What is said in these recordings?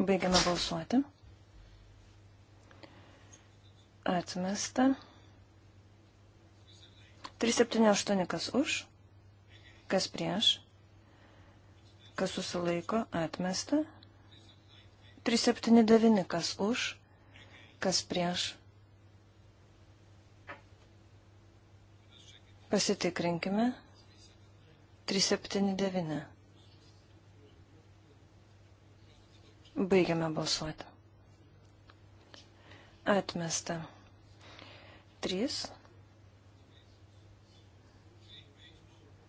Baigiame balsuoti. Atmesta. 378 kas už, kas prieš, kas susilaiko, atmesta. 379 kas už, kas prieš. Pasitikrinkime. 379. Baigiame balsuoti. Atmesta. 3.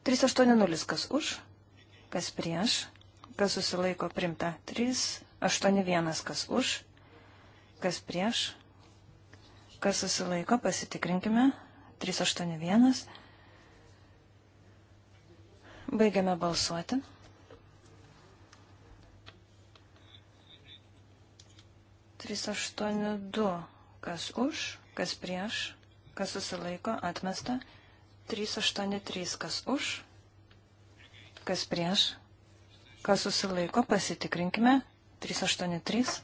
380 kas už, kas prieš, kas susilaiko primta. 381 kas už, kas prieš, kas susilaiko, pasitikrinkime. 381. Baigiame balsuoti. 382. Kas už, kas prieš, kas susilaiko, atmesta. 383. Kas už, kas prieš, kas susilaiko, pasitikrinkime. 383.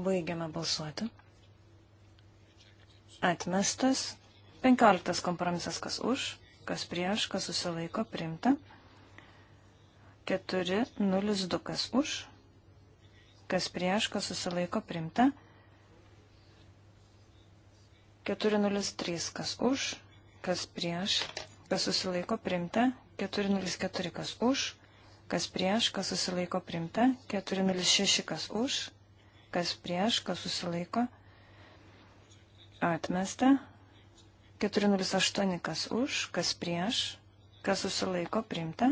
Baigiame balsuoti. Atmestas. 15 kompromisas, kas už, kas prieš, kas susilaiko, primta. 384. 402, kas už, kas prieš, kas susilaiko primta. 403, kas už, kas prieš, kas susilaiko primta. 404, kas už, kas prieš, kas susilaiko primta. 406, kas už, kas prieš, kas susilaiko atmesta. 408, kas už, kas prieš, kas susilaiko primta.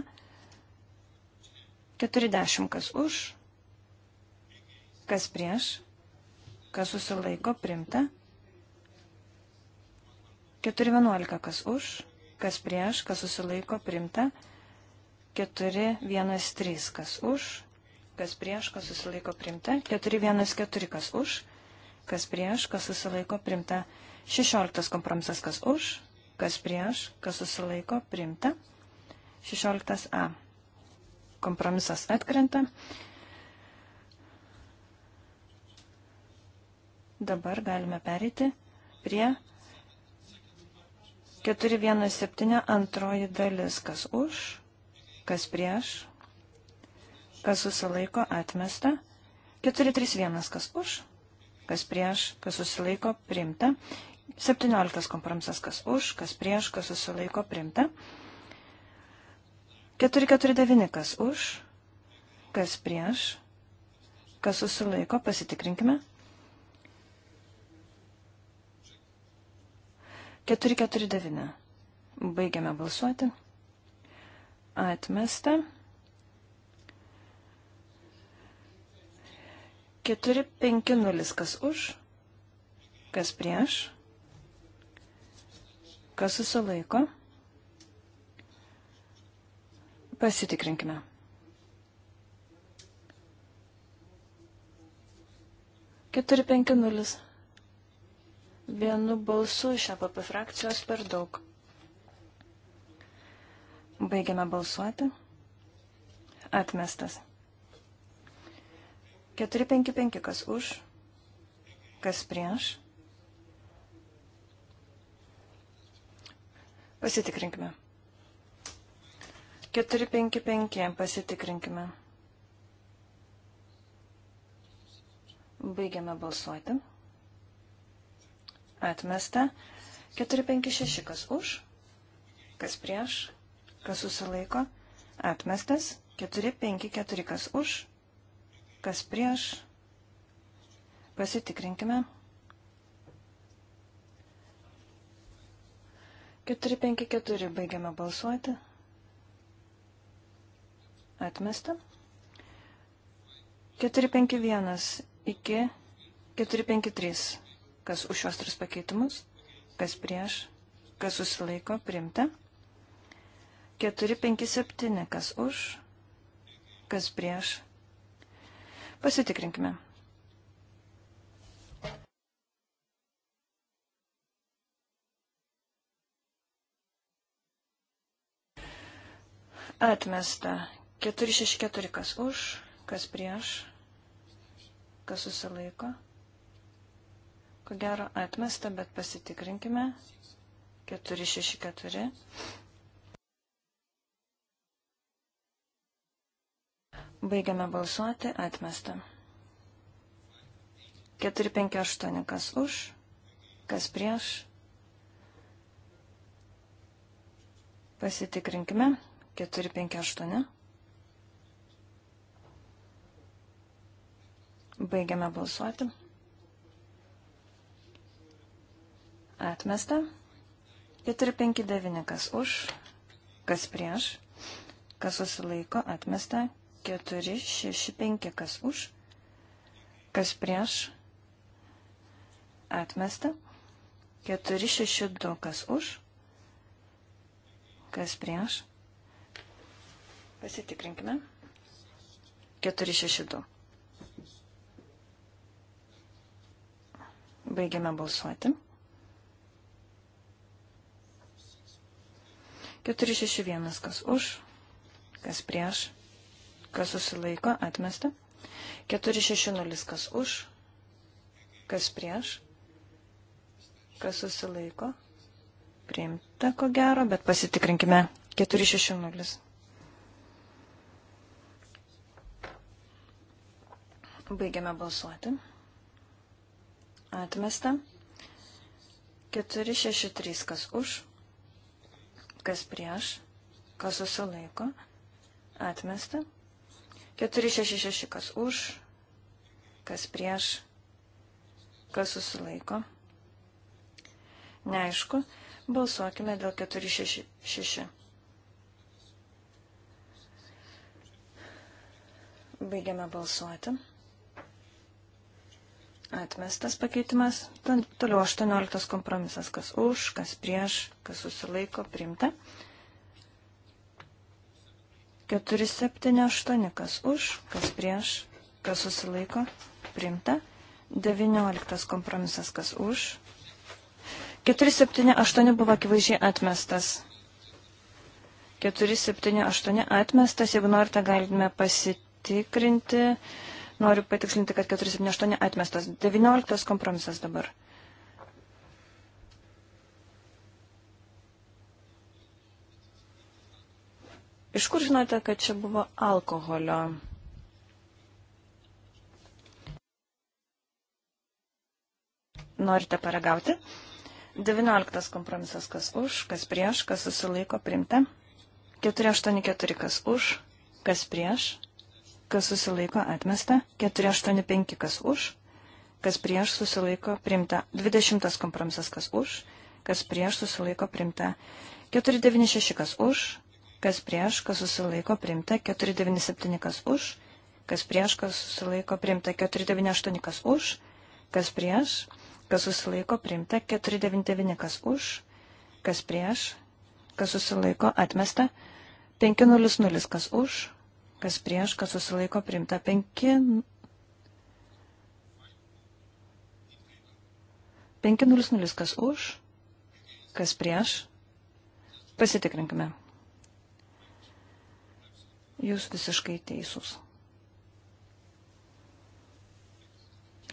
40 kas už, kas prieš, kas susilaiko primta. 411 kas už, kas prieš, kas susilaiko primta. 413 kas už, kas prieš, kas susilaiko primta. 414 kas už, kas prieš, kas susilaiko primta. 16 kompromisas kas už, kas prieš, kas susilaiko primta. 16a kompromisas atkrenta. Dabar galime pereiti prie 417 antroji dalis, kas už, kas prieš, kas susilaiko atmesta, 431 kas už, kas prieš, kas susilaiko primta, 17 kompromisas kas už, kas prieš, kas susilaiko primta. 449 kas už, kas prieš, kas susilaiko, pasitikrinkime. 449. Baigiame balsuoti. Atmesta. 450 kas už, kas prieš, kas susilaiko. Pasitikrinkime. Keturi penki nulis. Vienu balsu iš APP e frakcijos per daug. Baigiame balsuoti. Atmestas. 455 kas už, kas prieš. Pasitikrinkime. 455 pasitikrinkime. Baigiame balsuoti. Atmesta. 456 kas už, kas prieš, kas susilaiko. Atmestas. 454 kas už, kas prieš. Pasitikrinkime. 454 baigiame balsuoti. Atmesta. 451 iki 453. Kas už šios tris pakeitimus, kas prieš, kas susilaiko, priimta. 457. Kas už, kas prieš. Pasitikrinkime. Atmesta 464 kas už, kas prieš, kas susilaiko. Ko gero atmesta, bet pasitikrinkime. 464. Baigiame balsuoti, atmesta. 458 kas už, kas prieš. Pasitikrinkime. 458. Baigiame balsuoti. Atmesta. 459 kas už, kas prieš, kas susilaiko, atmesta. 465 kas už, kas prieš, atmesta. 462 kas už, kas prieš. Pasitikrinkime. 462. Baigiame balsuoti. 461 kas už, kas prieš, kas susilaiko, atmesta. 460 kas už, kas prieš, kas susilaiko, priimta ko gero, bet pasitikrinkime 460. Baigiame balsuoti. Atmesta. 463 kas už, kas prieš, kas susilaiko. Atmesta. 466 kas už, kas prieš, kas susilaiko. Neaišku. Balsuokime dėl 466. Baigiame balsuoti. Atmestas pakeitimas. Ten toliau 18 kompromisas. Kas už, kas prieš, kas susilaiko, priimta. 4, 7, 8. Kas už, kas prieš, kas susilaiko, priimta. 19 kompromisas. Kas už. 4, 7, 8 buvo akivaizdžiai atmestas. 4, 7, 8 atmestas. Jeigu norite, galime pasitikrinti. Noriu patikslinti, kad 478 atmestas. 19 kompromisas dabar. Iš kur žinote, kad čia buvo alkoholio? Norite paragauti? 19 kompromisas kas už, kas prieš, kas susilaiko primta. 484 kas už, kas prieš, kas susilaiko atmesta, 485 kas už, kas prieš susilaiko primta, 20 kompromisas kas už, kas prieš susilaiko primta, 496 kas už, kas prieš, kas susilaiko primta, 497 kas už, kas prieš, kas susilaiko primta, 498 kas už, kas prieš, kas susilaiko primta, 499 kas už, kas prieš, kas susilaiko atmesta, 500 kas už, kas prieš, kas susilaiko priimta. 5. 500, kas už, kas prieš. Pasitikrinkime. Jūs visiškai teisūs.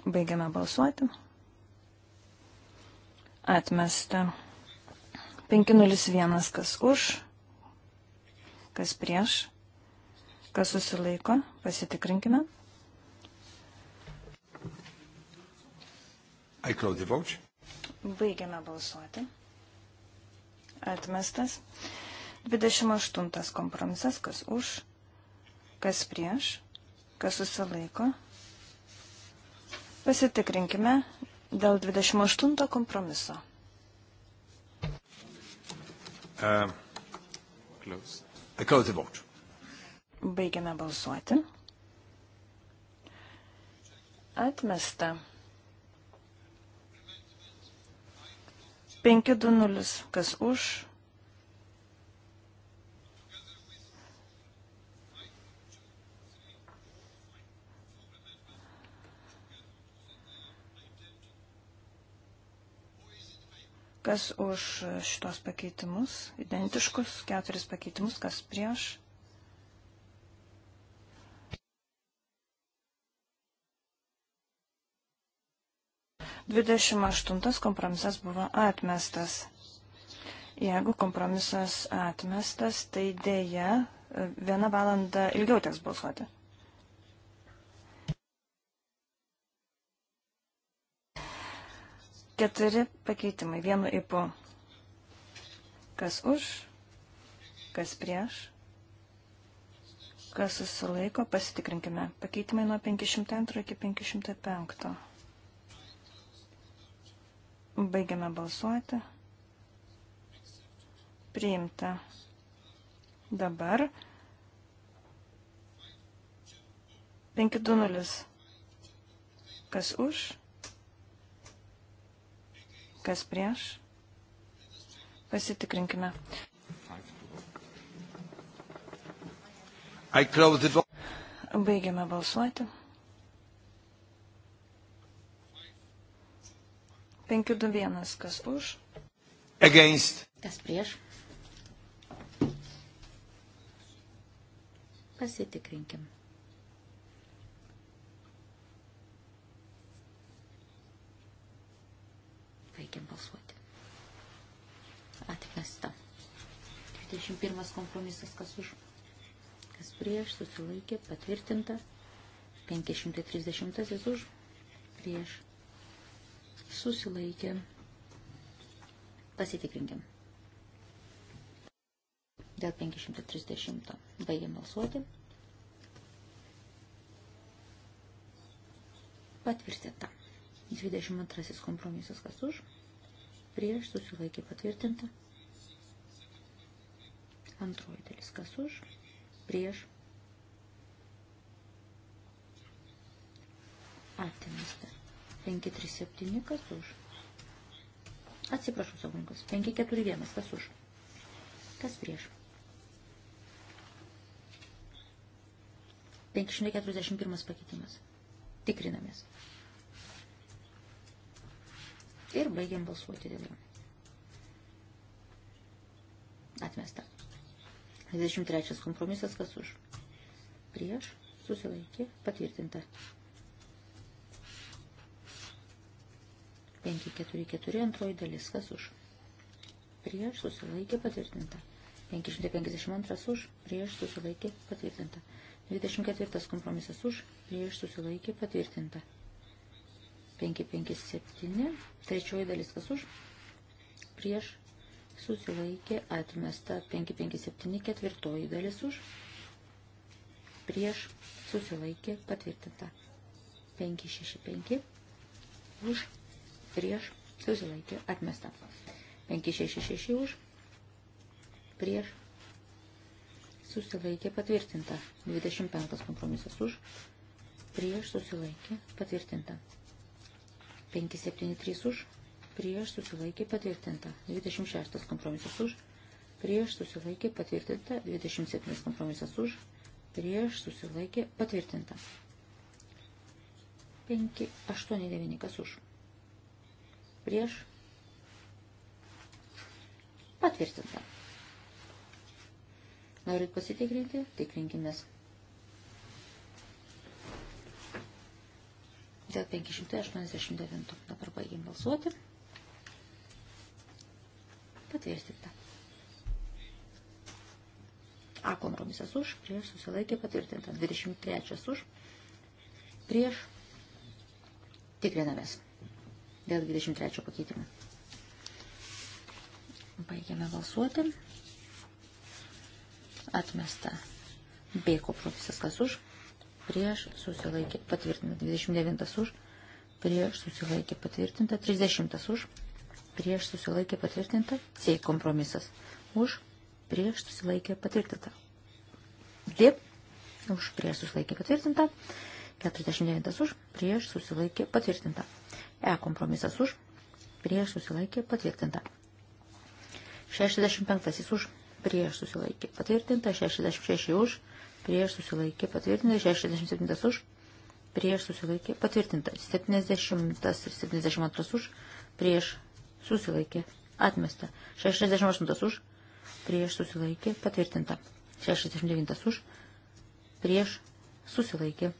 Baigiame balsuoti. Atmesta. 501, kas už, kas prieš, Kas susilaiko, pasitikrinkime. I close the vote. Baigiame balsuoti. Atmestas. 28 kompromisas, kas už, kas prieš, kas susilaiko. Pasitikrinkime dėl 28 kompromiso. Uh, close. I close the vote. Baigiame balsuoti. Atmesta. 520. Kas už? Kas už šitos pakeitimus? Identiškus keturis pakeitimus. Kas prieš? 28 kompromisas buvo atmestas. Jeigu kompromisas atmestas, tai dėja e, vieną valandą ilgiau teks balsuoti. Keturi pakeitimai vienu ipu. Kas už, kas prieš, kas susilaiko, pasitikrinkime. Pakeitimai nuo 502 iki 505. Baigiame balsuoti. Priimta. Dabar 520. Kas už? Kas prieš? Pasitikrinkime. Baigiame balsuoti. 521. Kas už? Against. Kas prieš? Pasitikrinkim. Baigiam balsuoti. Atmesta. 21 kompromisas, kas už, kas prieš, susilaikė, patvirtinta. 530 už, prieš, susilaikė. Pasitikrinkim. Dėl 530. Baigiam balsuoti. Patvirtinta. 22 kompromisas kas už. Prieš susilaikė patvirtinta. Antroji dalis kas už. Prieš atmesta. 537 kas už. Atsiprašau, savininkas. 541 kas už. Kas prieš. 541 pakeitimas. Tikrinamės. Ir baigiam balsuoti dėl jo. Atmesta. 23 kompromisas kas už. Prieš. Susilaikė. Patvirtinta. 544 antroji dalis, kas už, prieš susilaikė patvirtinta. 552 už, prieš susilaikė patvirtinta. 24 kompromisas už, prieš susilaikė patvirtinta. 557, trečioji dalis kas už, prieš susilaikė atmesta. 557, ketvirtoji dalis už, prieš susilaikė patvirtinta. 565 už, prieš, susilaikė, atmesta. 566 už, prieš, susilaikė, patvirtinta. 25 kompromisas už, prieš, susilaikė, patvirtinta. 573 už, prieš, susilaikė, patvirtinta. 26 kompromisas už, prieš, susilaikė, patvirtinta. 27 kompromisas už, prieš, susilaikė, patvirtinta. 5, 8, 9, kas už prieš patvirtinta. Norit pasitikrinti? Tikrinkimės. Dėl 589. Dabar baigim balsuoti. Patvirtinta. A kompromisas už, prieš susilaikė patvirtinta. 23 už, prieš tikrinamės dėl 23 pakeitimo. Baigiame balsuoti. Atmesta B kompromisas kas už, prieš susilaikė patvirtinta 29 už, prieš susilaikė patvirtinta 30 už, prieš susilaikė patvirtinta C kompromisas už, prieš susilaikė patvirtinta. D už, prieš susilaikė patvirtinta 49 už, prieš susilaikė patvirtinta. E kompromisas už, prieš susilaikė patvirtinta. 65 už, prieš susilaikė patvirtinta, 66 už, prieš susilaikė patvirtinta, 67 už, prieš susilaikė patvirtinta, 70 ir 72 už, prieš susilaikė atmesta, 68 už, prieš susilaikė patvirtinta, 69 už, prieš susilaikė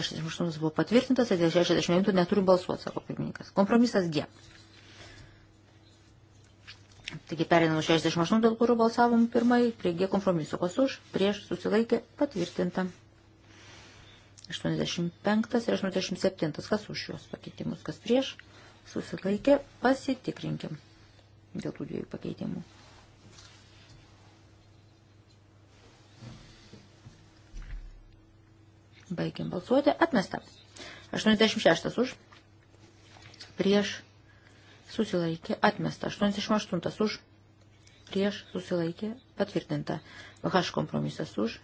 68 buvo patvirtintas, tai dėl 69 neturiu balsuoti, sako pirmininkas. Kompromisas G. Taigi perinam 68, dėl kurio balsavom pirmai, prie G kompromiso. Kas už, prieš, susilaikė, patvirtinta. 85 ir 87, kas už šios pakeitimus, kas prieš, susilaikė, pasitikrinkim dėl tų dviejų pakeitimų. Baigiam balsuoti. Atmesta. 86 už. Prieš. Susilaikė. Atmesta. 88 už. Prieš. Susilaikė. Patvirtinta. H kompromisas už.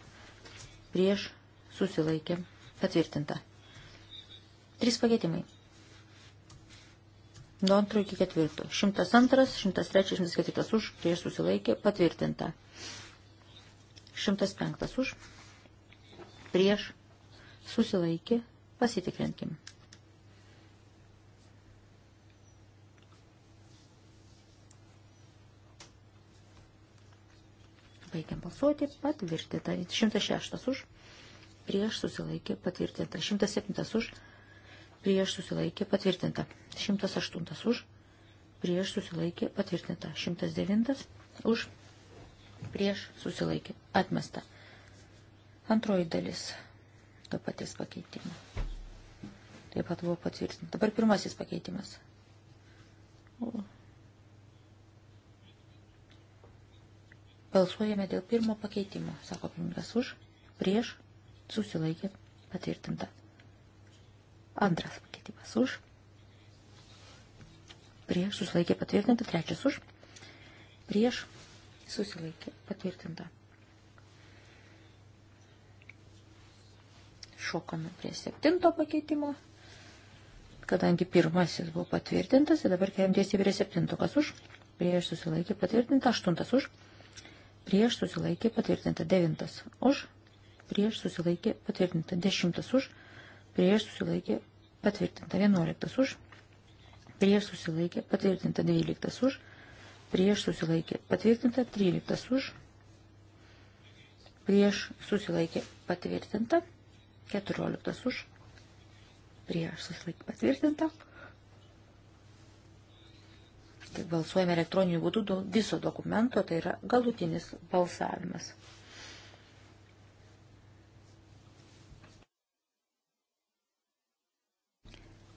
Prieš. Susilaikė. Patvirtinta. Trys pakeitimai. Nuo antro iki ketvirto. 102, 103, 104 už. Prieš susilaikė. Patvirtinta. 105 už. Prieš susilaikė, pasitikrinkim. Baigiam balsuoti, patvirtinta. 106 už, prieš susilaikė, patvirtinta. 107 už, prieš susilaikė, patvirtinta. 108 už, prieš susilaikė, patvirtinta. 109 už, prieš susilaikė, atmesta. Antroji dalis – to paties pakeitimo. Taip pat buvo patvirtinta. Dabar pirmasis pakeitimas. Balsuojame dėl pirmo pakeitimo, sako pirmininkas už, prieš, susilaikė, patvirtinta. Antras pakeitimas už, prieš, susilaikė, patvirtinta. Trečias už, prieš, susilaikė, patvirtinta. šokame prie septinto pakeitimo, kadangi pirmasis buvo patvirtintas ir tai dabar keliam tiesiai prie septinto. Kas už? Prieš susilaikė patvirtinta. Aštuntas už. Prieš susilaikė patvirtinta. Devintas už. Prieš susilaikė patvirtinta. Dešimtas už. Prieš susilaikė patvirtinta. Vienuoliktas už. Prieš susilaikė patvirtinta. Dvyliktas už. Prieš susilaikė patvirtinta. Tryliktas už prieš susilaikė patvirtinta. 14 už, prieš susilaikė patvirtinta. Taip, balsuojame elektroniniu būdu do, viso dokumento, tai yra galutinis balsavimas.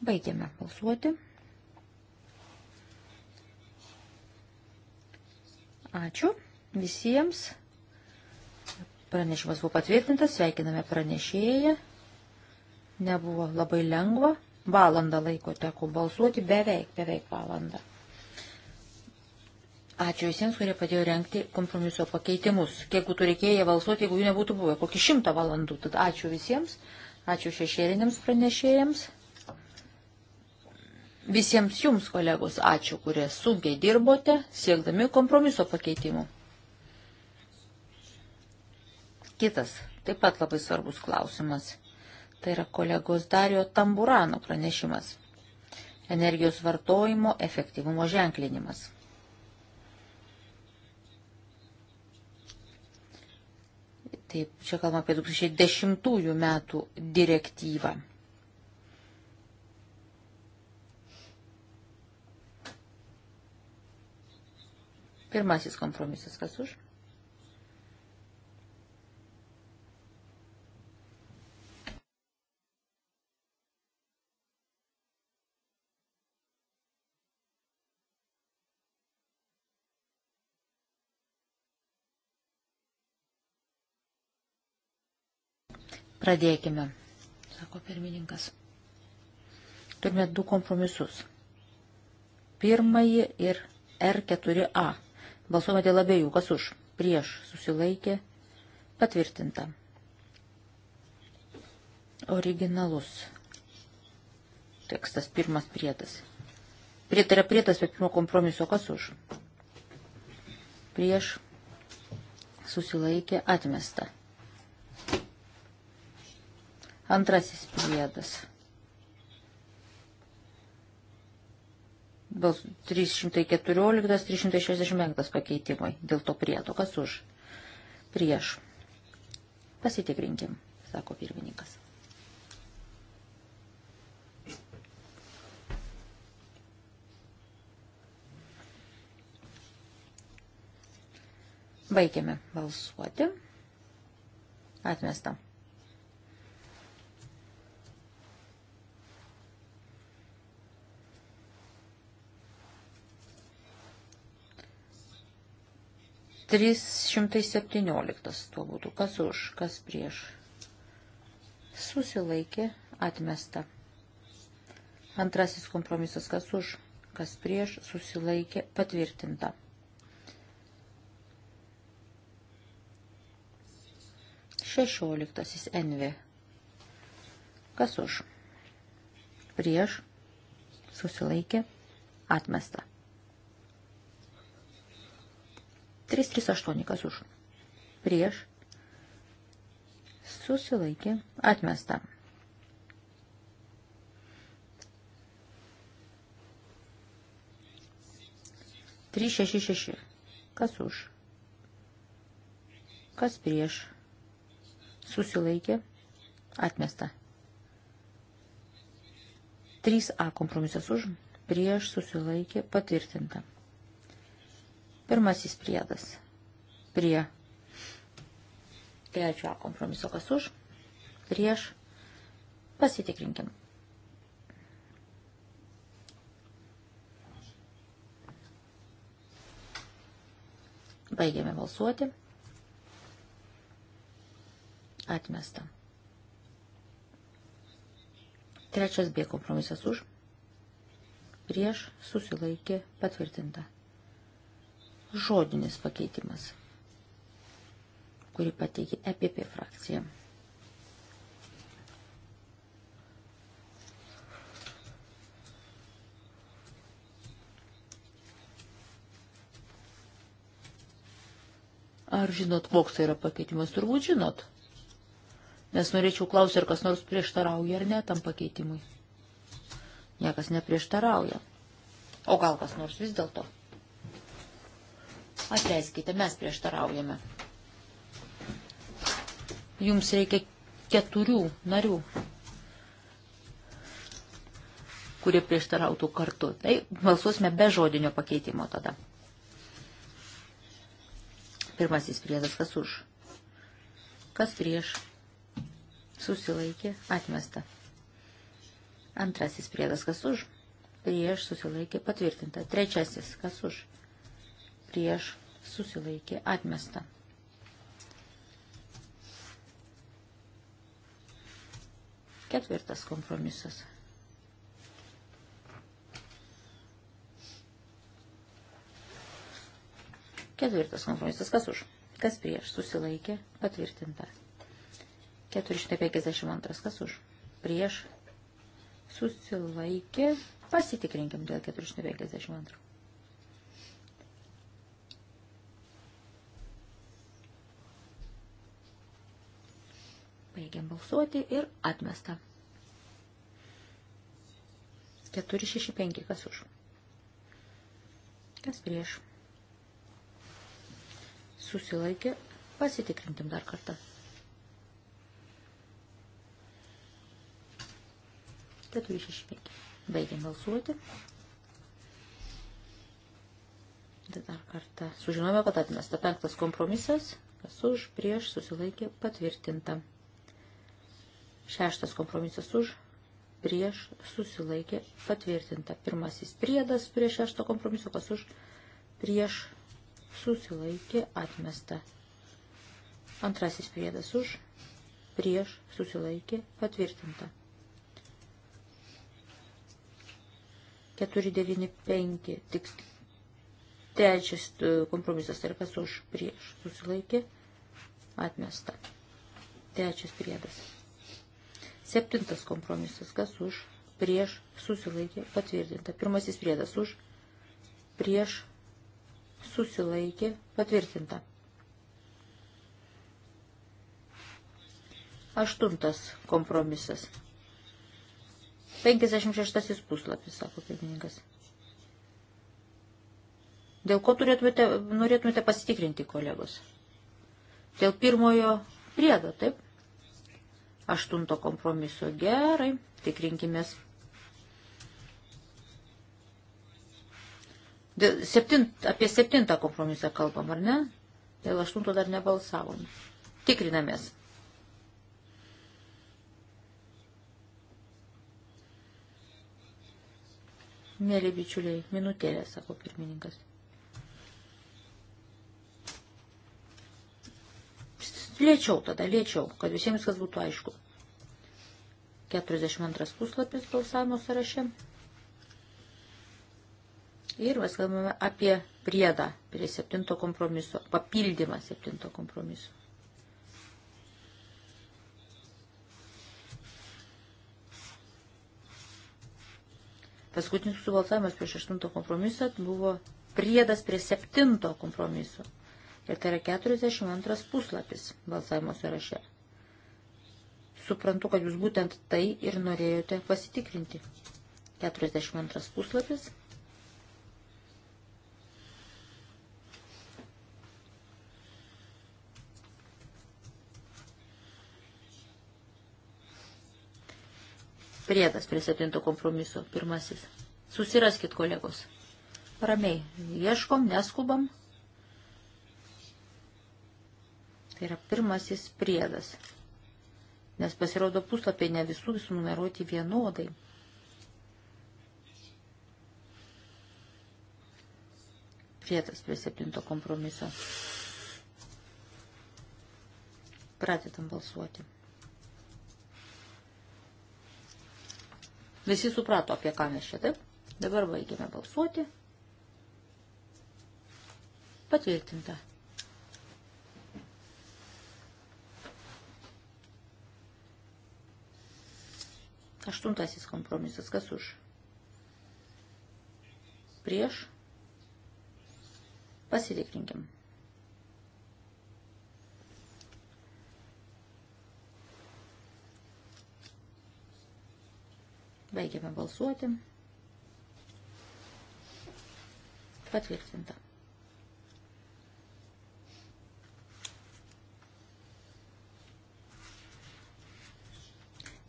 Baigiame balsuoti. Ačiū visiems. Pranešimas buvo patvirtintas, sveikiname pranešėją. Nebuvo labai lengva. Valandą laiko teko balsuoti, beveik, beveik valandą. Ačiū visiems, kurie padėjo renkti kompromiso pakeitimus. Kiek būtų reikėję balsuoti, jeigu jų nebūtų buvę, kokį šimtą valandų. Tad ačiū visiems, ačiū šešėliniams pranešėjams. Visiems jums, kolegos, ačiū, kurie sunkiai dirbote, siekdami kompromiso pakeitimų. Kitas taip pat labai svarbus klausimas. Tai yra kolegos Dario Tamburano pranešimas. Energijos vartojimo efektyvumo ženklinimas. Taip, čia kalbame apie 2010 metų direktyvą. Pirmasis kompromisas, kas už? Pradėkime, sako pirmininkas. Turime du kompromisus. Pirmąjį ir R4A. Balsuojame dėl abiejų, kas už. Prieš susilaikė. Patvirtinta. Originalus tekstas, pirmas priedas. Pritarė priedas prie pirmo kompromiso, kas už? Prieš susilaikė atmesta. Antrasis priedas. 314-365 pakeitimai dėl to priedo. Kas už? Prieš. Pasitikrinkim, sako pirmininkas. Baigiame balsuoti. Atmesta. 317 tuo būtų. Kas už, kas prieš. Susilaikė, atmesta. Antrasis kompromisas, kas už, kas prieš, susilaikė, patvirtinta. Šešioliktasis envė. Kas už? Prieš, susilaikė, atmesta. 338 kas už. Prieš. Susilaikė. Atmesta. Trys šeši šeši. Kas už? Kas prieš? Susilaikė. Atmesta. 3A kompromisas už. Prieš susilaikė patvirtinta. Pirmasis priedas prie trečiojo kompromiso, kas už, prieš, pasitikrinkim. Baigėme balsuoti. Atmesta. Trečias B kompromisas už. Prieš susilaikė patvirtinta žodinis pakeitimas, kurį pateikė EPP frakcija. Ar žinot, koks tai yra pakeitimas? Turbūt žinot. Nes norėčiau klausyti, ar kas nors prieštarauja ar ne tam pakeitimui. Niekas neprieštarauja. O gal kas nors vis dėlto? Atleiskite, mes prieštaraujame. Jums reikia keturių narių, kurie prieštarautų kartu. Tai balsuosime be žodinio pakeitimo tada. Pirmasis priedas, kas už. Kas prieš. Susilaikė, atmesta. Antrasis priedas, kas už. Prieš susilaikė, patvirtinta. Trečiasis, kas už. Prieš susilaikė atmesta. Ketvirtas kompromisas. Ketvirtas kompromisas. Kas už? Kas prieš? Susilaikė. Patvirtinta. 452. Kas už? Prieš. Susilaikė. Pasitikrinkim dėl 452. Baigiam balsuoti ir atmesta. 465 kas už. Kas prieš. Susilaikė. Pasitikrintim dar kartą. Keturi šeši penki. Baigiam balsuoti. Dar kartą sužinojome, kad atmesta penktas kompromisas. Kas už, prieš, susilaikė, patvirtinta. Šeštas kompromisas už, prieš, susilaikė, patvirtinta. Pirmasis priedas prie šešto kompromiso, kas už, prieš, susilaikė, atmesta. Antrasis priedas už, prieš, susilaikė, patvirtinta. 495, tik trečias e, kompromisas, tai kas už, prieš, susilaikė, atmesta. Trečias priedas Septintas kompromisas, kas už, prieš, susilaikė, patvirtinta. Pirmasis priedas už, prieš, susilaikė, patvirtinta. Aštuntas kompromisas. 56 puslapis, sako pirmininkas. Dėl ko turėtumėte, norėtumėte pasitikrinti, kolegos? Dėl pirmojo priedo, taip? aštunto kompromiso gerai, tikrinkimės. Dėl septint, apie septintą kompromisą kalbam, ar ne? Dėl aštunto dar nebalsavom. Tikrinamės. Mėly bičiuliai, minutėlė, sako pirmininkas. Lėčiau tada, lėčiau, kad visiems kas būtų aišku. 42 puslapis balsavimo sąraše. Ir mes kalbame apie priedą prie septinto kompromiso, papildymą septinto kompromiso. Paskutinis subalsavimas prieš aštunto kompromisą buvo priedas prie septinto kompromiso. Ir tai yra 42 puslapis balsavimo sąraše. Suprantu, kad jūs būtent tai ir norėjote pasitikrinti. 42 puslapis. Priedas prie septinto kompromiso, pirmasis. Susiraskit, kolegos. Ramiai, ieškom, neskubam. Tai yra pirmasis priedas. Nes pasirodo puslapiai ne visų visų numeruoti vienodai. Priedas prie septinto kompromiso. Pradedam balsuoti. Visi suprato, apie ką mes čia taip. Dabar baigėme balsuoti. Patvirtinta. Aštuntasis kompromisas. Kas už? Prieš. Pasitikrinkim. Baigiame balsuoti. Patvirtinta.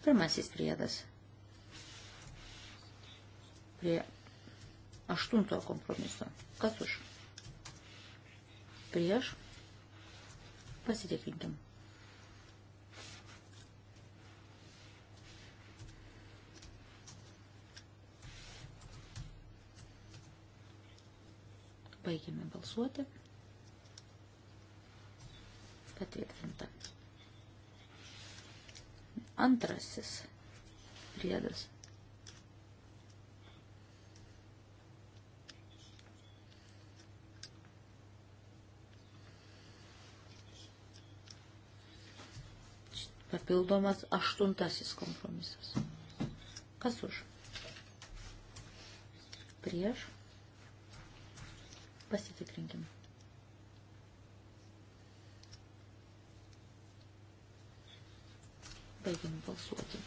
Pirmasis priedas. Prie aštunto kompromiso. Kas už? Prieš. Pasitikrinkim. Baigėme balsuoti. Patvirtinta. Antrasis priedas. Papildomas aštuntasis kompromisas. Kas už? Prieš. Pasitikrinkim. Baigiame balsuoti.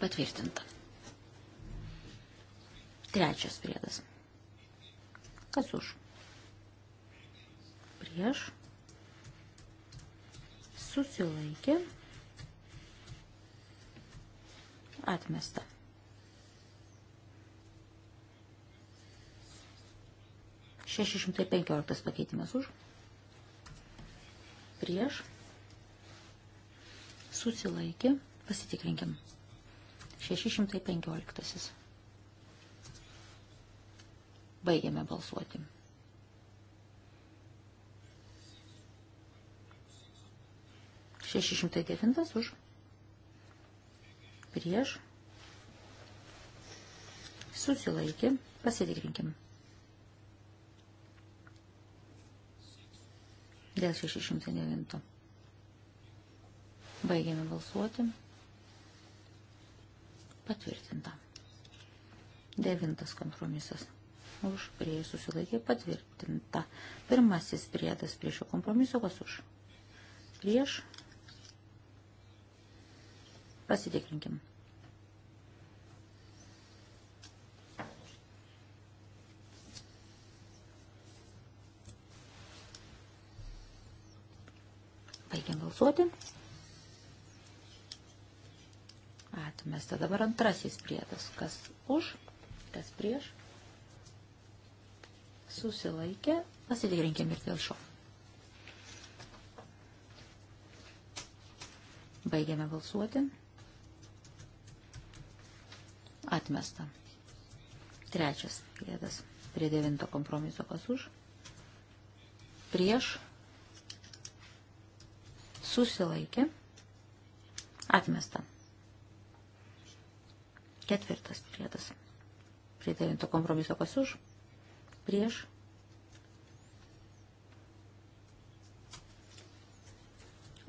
Patvirtinta. Trečias priedas. Kas už? Prieš. Susilaikė. Atmesta. Šešišimtai penkioliktas pakeitimas už. Prieš. Prieš susilaikė, pasitikrinkim. 615. Baigiame balsuoti. Šešišimtai devintas už. Prieš. Susilaikė. Pasitikrinkim. Dėl 609. Baigiame balsuoti. Patvirtinta. Devintas kompromisas. Už prie susilaikė patvirtinta. Pirmasis priedas prie šio kompromiso, kas už? Prieš. Pasitikrinkim. Baigiam balsuoti. atmesta. Dabar antrasis priedas. Kas už, kas prieš. Susilaikė. Pasitikrinkim ir dėl šio. Baigiame balsuoti. Atmesta. Trečias priedas. Prie devinto kompromiso kas už. Prieš. Susilaikė. Atmesta. Ketvirtas priedas. Prie devinto kompromiso kas už? Prieš.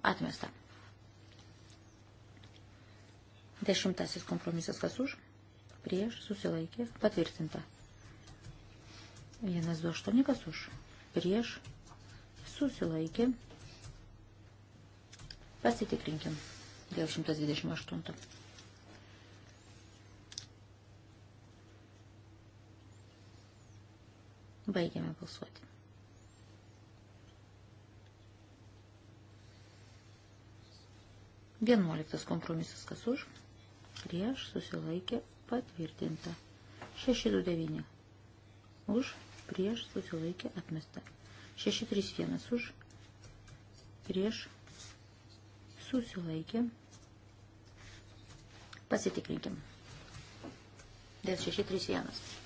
Atmesta. Dešimtasis kompromisas kas už? Prieš susilaikė. Patvirtinta. Vienas du aštuoni kas už? Prieš susilaikė. Pasitikrinkim dėl 128. Baigiame balsuoti. Vienuoliktas kompromisas kas už, prieš susilaikė patvirtinta. 629 už, prieš susilaikė atmesta. 631 už, prieš susilaikė. Pasitikrinkim. Dėl 631.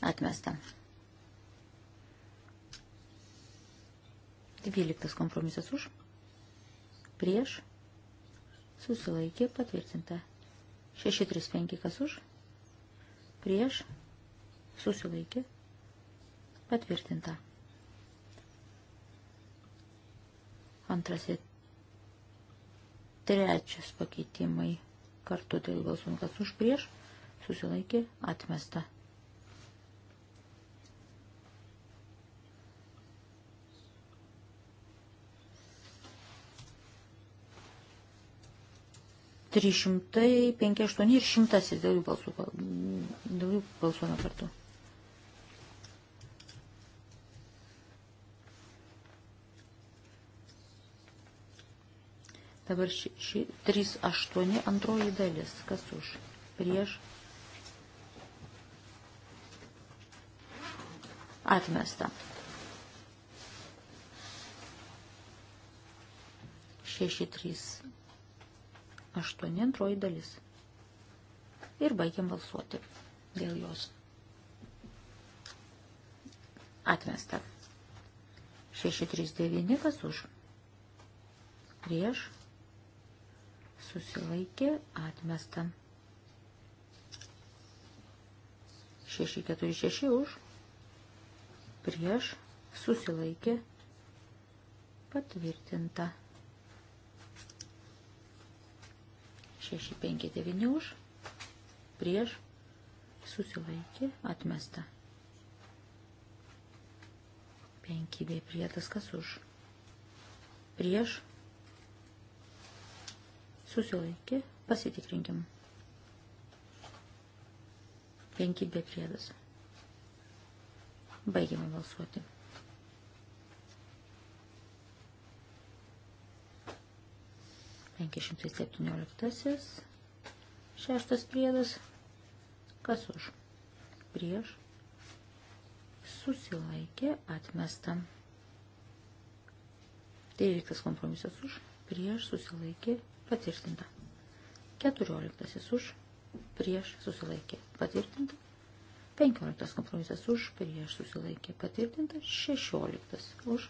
Atmesta. 12 kompromisas už. Prieš. Susilaikė patvirtinta. 635 kas už. Prieš. Susilaikė. Patvirtinta. Antras ir trečias pakeitimai kartu dėl balsų, kas už prieš, susilaikė atmesta. 358 ir 100 dėl jų balsų, dėl jų balsuojame kartu. Dabar ši, ši 38 antroji dalis. Kas už? Prieš. Atmesta. 6, 3, 8 antroji dalis. Ir baigiam balsuoti dėl jos. Atmesta. 639 kas už. Prieš. Susilaikė. Atmesta. 646 už. Prieš. Susilaikė. Patvirtinta. 659 už, prieš, susilaikė, atmesta. 5 bei prietas kas už, prieš, susilaikė, pasitikrinkim. 5 bei priedas. Baigiame balsuoti. 517. Šeštas priedas. Kas už? Prieš. Susilaikė atmesta. 13 kompromisas už. Prieš susilaikė patvirtinta. 14 už. Prieš susilaikė patvirtinta. 15 kompromisas už. Prieš susilaikė patvirtinta. 16 už.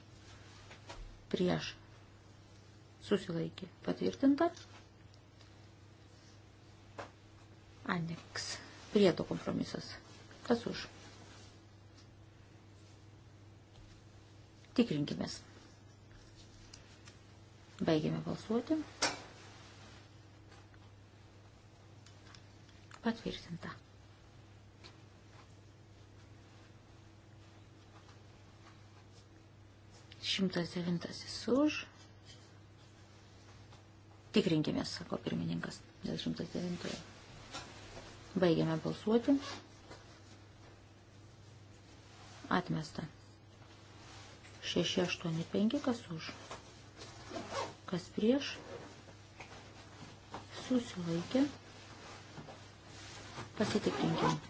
Prieš susilaikė patvirtinta. Aneks. Priedo kompromisas. Kas už? Tikrinkimės. Baigėme balsuoti. Patvirtinta. Šimtas devintasis už. Tikrinkime, sako pirmininkas. 29. Baigiame balsuoti. Atmesta. 685 kas už. Kas prieš. Susilaikė. Pasitikrinkime.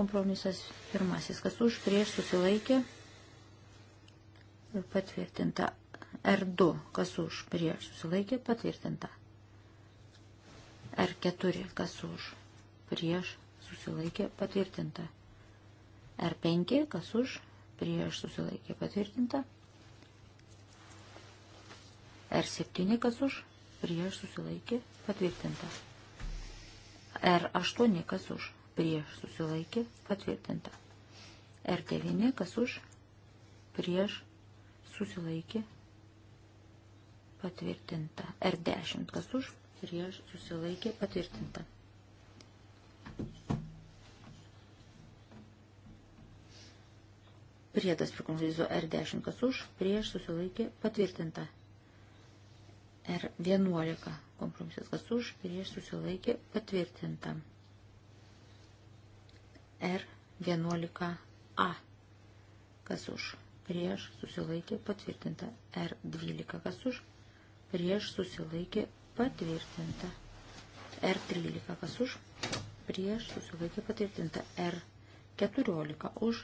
Kompromisas pirmasis, kas už, prieš susilaikė ir patvirtinta. R2, kas už, prieš susilaikė, patvirtinta. R4, kas už, prieš susilaikė, patvirtinta. R5, kas už, prieš susilaikė, patvirtinta. R7, kas už, prieš susilaikė, patvirtinta. R8, kas už, prieš susilaikė patvirtinta. R9 kas už prieš susilaikė patvirtinta. R10 kas už prieš susilaikė patvirtinta. Priedas prikonsultizo R10 kas už prieš susilaikė patvirtinta. R11 kompromisas kas už prieš susilaikė patvirtinta. R11A. Kas už? Prieš susilaikė patvirtinta. R12. Kas už? Prieš susilaikė patvirtinta. R13. Kas už? Prieš susilaikė patvirtinta. R14. Už.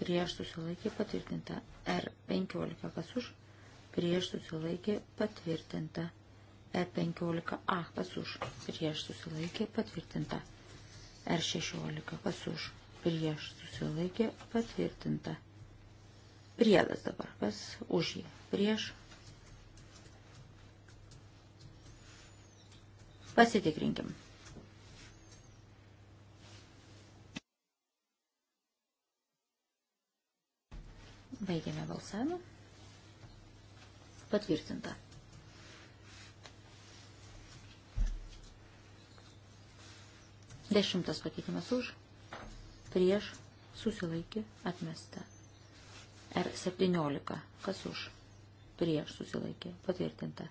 Prieš susilaikė patvirtinta. R15. Kas už? Prieš susilaikė patvirtinta. R15A. E Kas už? Prieš susilaikė patvirtinta. R16, kas už, prieš susilaikė patvirtinta. Priedas dabar, kas už jį, prieš. Pasitikrinkim. Baigiame balsavimą. Patvirtinta. Dešimtas pakeitimas už, prieš, susilaikė, atmesta. R17, kas už, prieš, susilaikė, patvirtinta.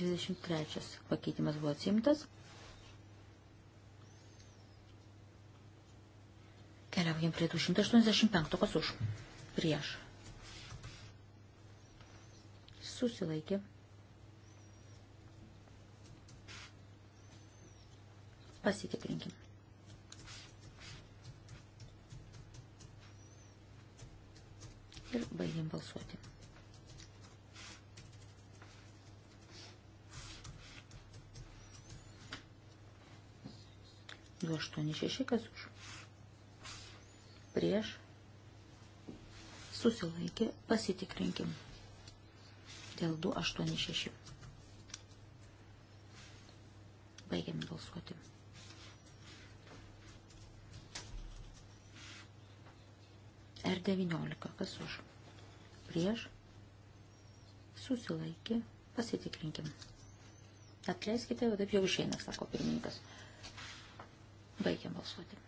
23 pakeitimas buvo atsimtas. Keliaujam prie 285, kas už, prieš, susilaikė, Pasitikrinkim. Ir baigiam balsuoti. Du aštuoni šeši, kas už. Prieš. Susilaikė, pasitikrinkim. Dėl 286. Baigiam balsuoti. R19. Kas už? Prieš. Susilaikė. Pasitikrinkim. Atleiskite, o taip jau išeina, sako pirmininkas. Baigiam balsuoti.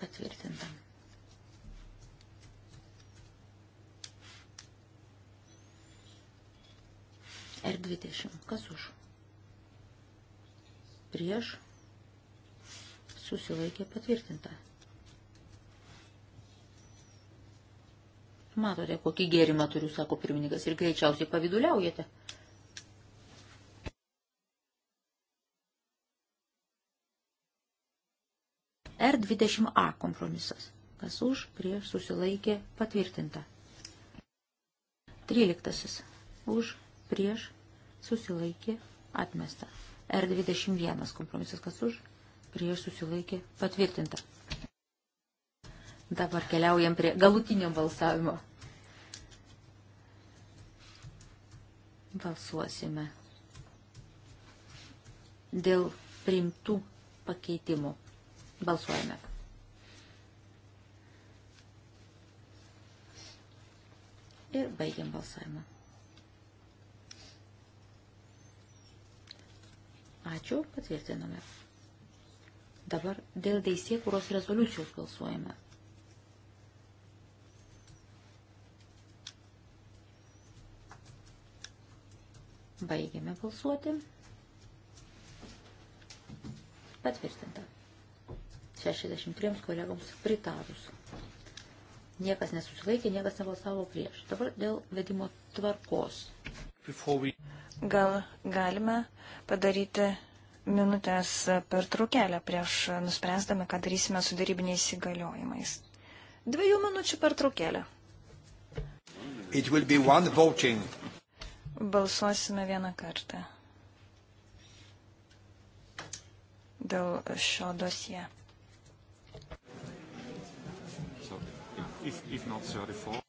Patvirtintam. R20. Kas už? Prieš susilaikė patvirtinta. Matote, kokį gėrimą turiu, sako pirmininkas, ir greičiausiai paviduliaujate. R20A kompromisas. Kas už, prieš, susilaikė, patvirtinta. 13. Už, prieš, susilaikė, atmesta. R21 kompromisas. Kas už, prieš susilaikė patvirtinta. Dabar keliaujam prie galutinio balsavimo. Balsuosime dėl priimtų pakeitimų. Balsuojame. Ir baigiam balsavimą. Ačiū, patvirtinome. Dabar dėl teisėkūros rezoliucijos balsuojame. Baigiame balsuoti. Patvirtinta. 63 kolegoms pritarus. Niekas nesusilaikė, niekas nebalsavo prieš. Dabar dėl vedimo tvarkos. Gal galime padaryti minutės per trukelę prieš nuspręsdami, ką darysime su darybiniais įgaliojimais. Dviejų minučių per trukelę. Balsuosime vieną kartą dėl šio dosie. So, if, if not 34.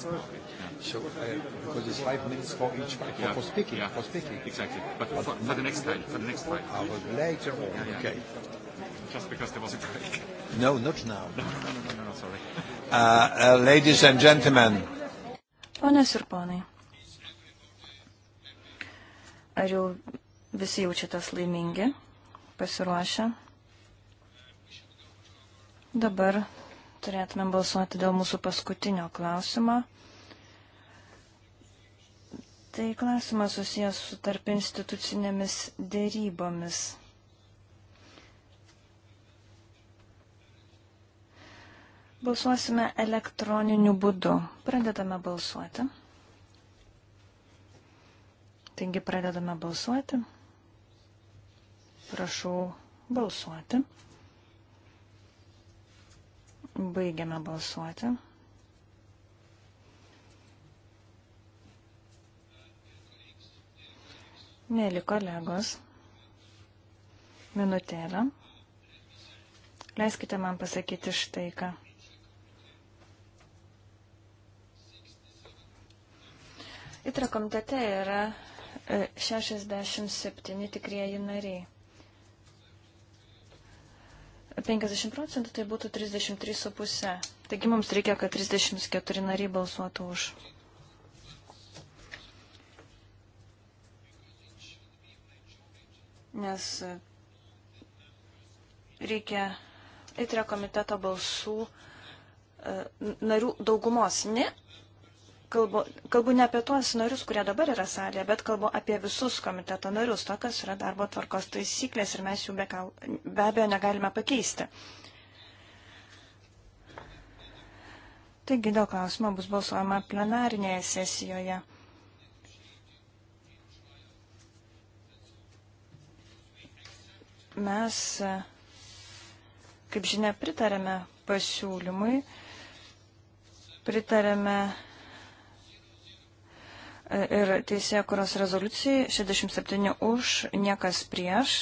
So, uh, because it's five minutes for each for, yeah. for speaking. Yeah. For speaking. Exactly. But, but for, for the next time. For the next time. Uh, but later on. Yeah, yeah. Okay. Just because there was a break. No, not now. no, no, no, no, no, sorry. Uh, uh, ladies and gentlemen. Ponios ir ponai. Ar jau visi jaučiatės laimingi, pasiruošę? Dabar Turėtumėm balsuoti dėl mūsų paskutinio klausimo. Tai klausimas susijęs su tarp institucinėmis dėrybomis. Balsuosime elektroniniu būdu. Pradedame balsuoti. Taigi pradedame balsuoti. Prašau balsuoti. Baigiame balsuoti. Mėly kolegos, minutėlę. Leiskite man pasakyti štai ką. Itra komitete yra 67 e, tikrieji nariai. 50 procentų tai būtų 33,5. Taigi mums reikia, kad 34 nariai balsuotų už. Nes e, reikia įtrio komiteto balsų e, narių daugumos. Ne kalbu, kalbu ne apie tuos narius, kurie dabar yra salėje, bet kalbu apie visus komiteto narius. Tokios yra darbo tvarkos taisyklės ir mes jų be, kal, be abejo negalime pakeisti. Taigi dėl klausimo bus balsuojama plenarinėje sesijoje. Mes, kaip žinia, pritarėme pasiūlymui, pritarėme ir teisėje kuros rezoliucijai 67 už, niekas prieš.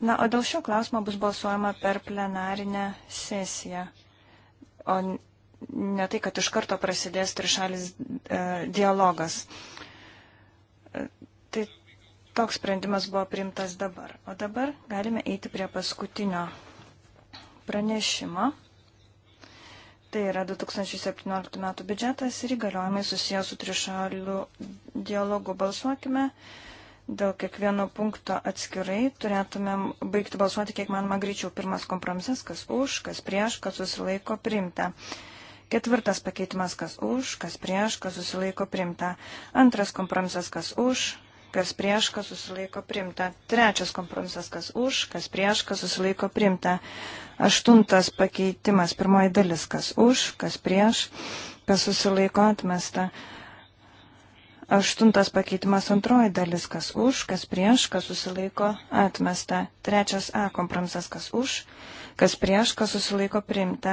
Na, o dėl šio klausimo bus balsuojama per plenarinę sesiją. O ne tai, kad iš karto prasidės trišalis e, dialogas. E, tai toks sprendimas buvo priimtas dabar. O dabar galime eiti prie paskutinio pranešimo. Tai yra 2017 metų biudžetas ir įgaliojimai susijęs su trišalių dialogu. Balsuokime dėl kiekvieno punkto atskirai. Turėtumėm baigti balsuoti kiek manoma greičiau. Pirmas kompromisas, kas už, kas prieš, kas susilaiko primta. Ketvirtas pakeitimas, kas už, kas prieš, kas susilaiko primta. Antras kompromisas, kas už, kas prieš, kas susilaiko primta. Trečias kompromisas, kas už, kas prieš, kas susilaiko primta. Aštuntas pakeitimas, pirmoji dalis, kas už, kas prieš, kas susilaiko atmesta. Aštuntas pakeitimas, antroji dalis, kas už, kas prieš, kas susilaiko atmesta. Trečias A kompromisas, kas už, kas prieš, kas susilaiko primta.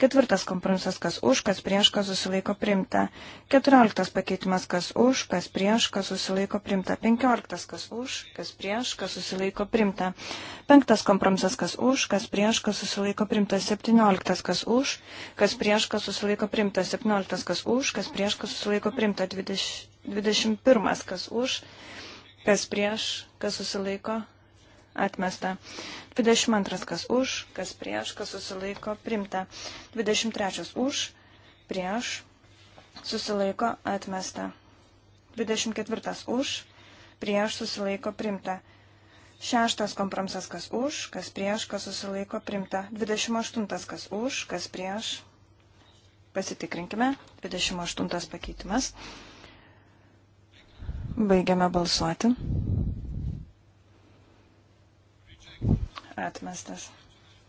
Ketvirtas kompromisas, kas už, kas prieš, kas susilaiko primta. Keturioliktas pakeitimas, kas už, kas prieš, kas susilaiko primta. Penkioliktas, kas už, kas prieš, kas susilaiko primta. Penktas kompromisas, kas už, kas prieš, kas susilaiko primta. Septynioliktas, kas už, kas prieš, kas susilaiko primta. Septynioliktas, kas už, kas prieš, kas susilaiko primta. Dvidešimt pirmas, kas už, kas prieš, kas susilaiko primta atmesta. 22 kas už, kas prieš, kas susilaiko, primta. 23 už, prieš, susilaiko, atmesta. 24 už, prieš, susilaiko, primta. Šeštas kompromisas, kas už, kas prieš, kas susilaiko, primta. 28 kas už, kas prieš. Pasitikrinkime. 28 pakeitimas. Baigiame balsuoti. atmestas.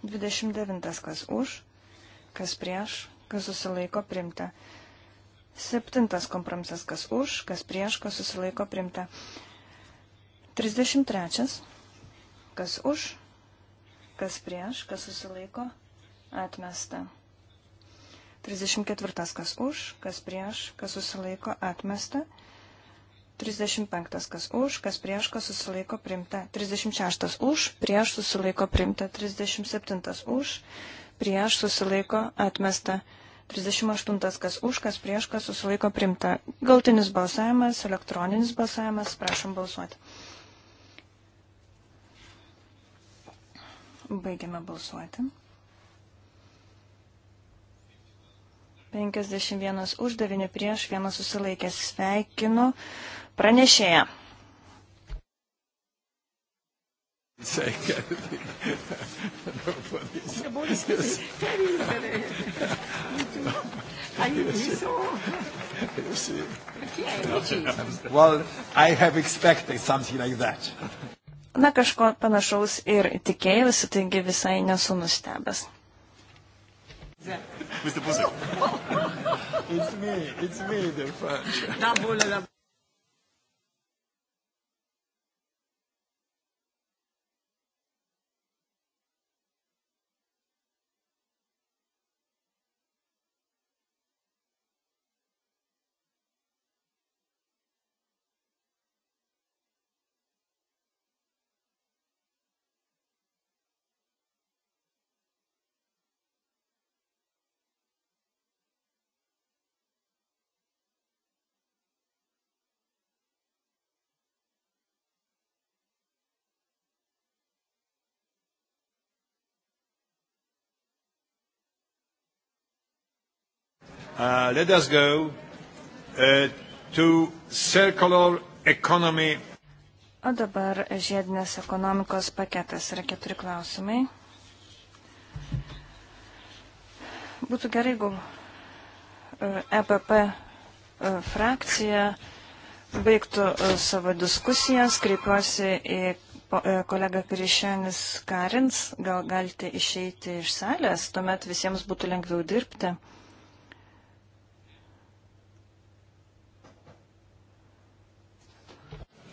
29. Kas už, kas prieš, kas susilaiko primta. 7. Kompromisas. Kas už, kas prieš, kas susilaiko primta. 33. Kas už, kas prieš, kas susilaiko atmesta. 34. Kas už, kas prieš, kas susilaiko atmesta. 35 35. Kas už, kas prieš, kas susilaiko primta. 36. Už, prieš susilaiko primta. 37. Už, prieš susilaiko atmesta. 38. Kas už, kas prieš, kas susilaiko primta. Galtinis balsavimas, elektroninis balsavimas. Prašom balsuoti. Baigiame balsuoti. 51 už, 9 prieš, 1 susilaikęs sveikinu pranešėją. Na kažko panašaus ir tikėjausi, taigi visai nesu nustebęs. Mr. Pussy. it's me, it's me, the French. Uh, let us go uh, to circular economy. O dabar žiedinės ekonomikos paketas yra keturi klausimai. Būtų gerai, jeigu uh, EPP uh, frakcija baigtų uh, savo diskusijas, kreipiuosi į kolegą Krišionis Karins, gal galite išeiti iš salės, tuomet visiems būtų lengviau dirbti.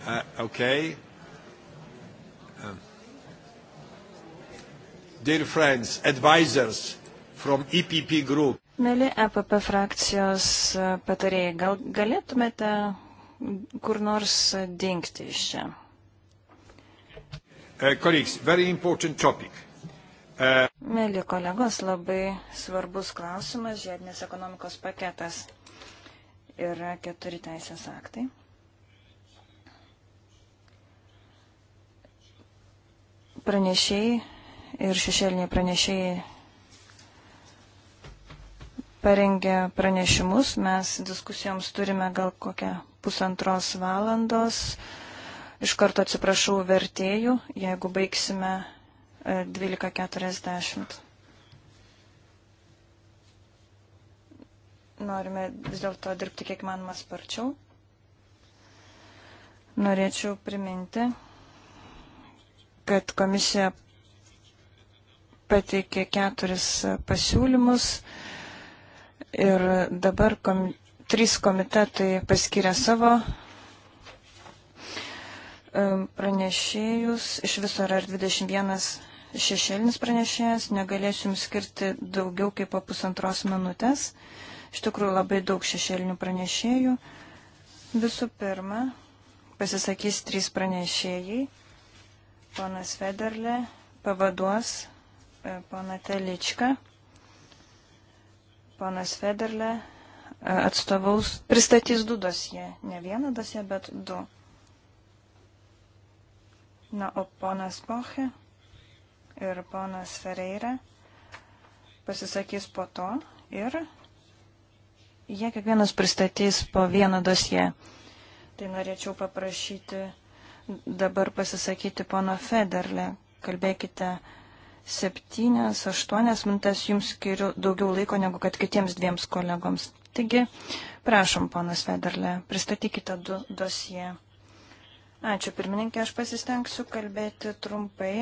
Uh, okay. Uh, dear friends, advisors from EPP group. Mėly EPP frakcijos uh, patarėjai, gal galėtumėte kur nors dinkti iš čia? Uh, colleagues, very important topic. Uh, Mėly kolegos, labai svarbus klausimas, žiedinės ekonomikos paketas yra keturi teisės aktai. pranešėjai ir šešėliniai pranešėjai parengė pranešimus. Mes diskusijoms turime gal kokią pusantros valandos. Iš karto atsiprašau vertėjų, jeigu baigsime 12.40. E, Norime vis dėlto dirbti kiek manoma sparčiau. Norėčiau priminti kad komisija pateikė keturis pasiūlymus ir dabar kom, trys komitetai paskiria savo um, pranešėjus. Iš viso yra 21 šešėlinis pranešėjas, negalėsiu jums skirti daugiau kaip po pusantros minutės. Iš tikrųjų labai daug šešėlinių pranešėjų. Visų pirma, pasisakys trys pranešėjai Ponas Federle pavaduos e, poną Teličką. Ponas Federle e, atstovaus, pristatys du dosie, ne vieną dosie, bet du. Na, o ponas Poche ir ponas Ferreira pasisakys po to ir jie kiekvienas pristatys po vieną dosie. Tai norėčiau paprašyti dabar pasisakyti pono Federle. Kalbėkite septynias, aštuonias mintas, jums skiriu daugiau laiko negu kad kitiems dviems kolegoms. Taigi, prašom, ponas Federle, pristatykite du dosiją. Ačiū, pirmininkė, aš pasistengsiu kalbėti trumpai.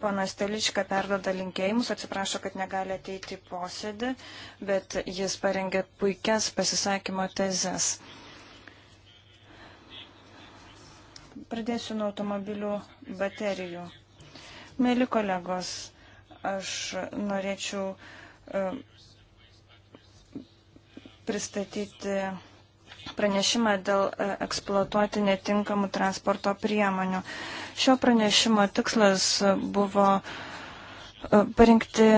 Ponas Telička perdoda linkėjimus, atsiprašo, kad negali ateiti į posėdį, bet jis parengė puikias pasisakymo tezes. Pradėsiu nuo automobilių baterijų. Mėly kolegos, aš norėčiau e, pristatyti pranešimą dėl e, eksploatuoti netinkamų transporto priemonių. Šio pranešimo tikslas buvo e, parinkti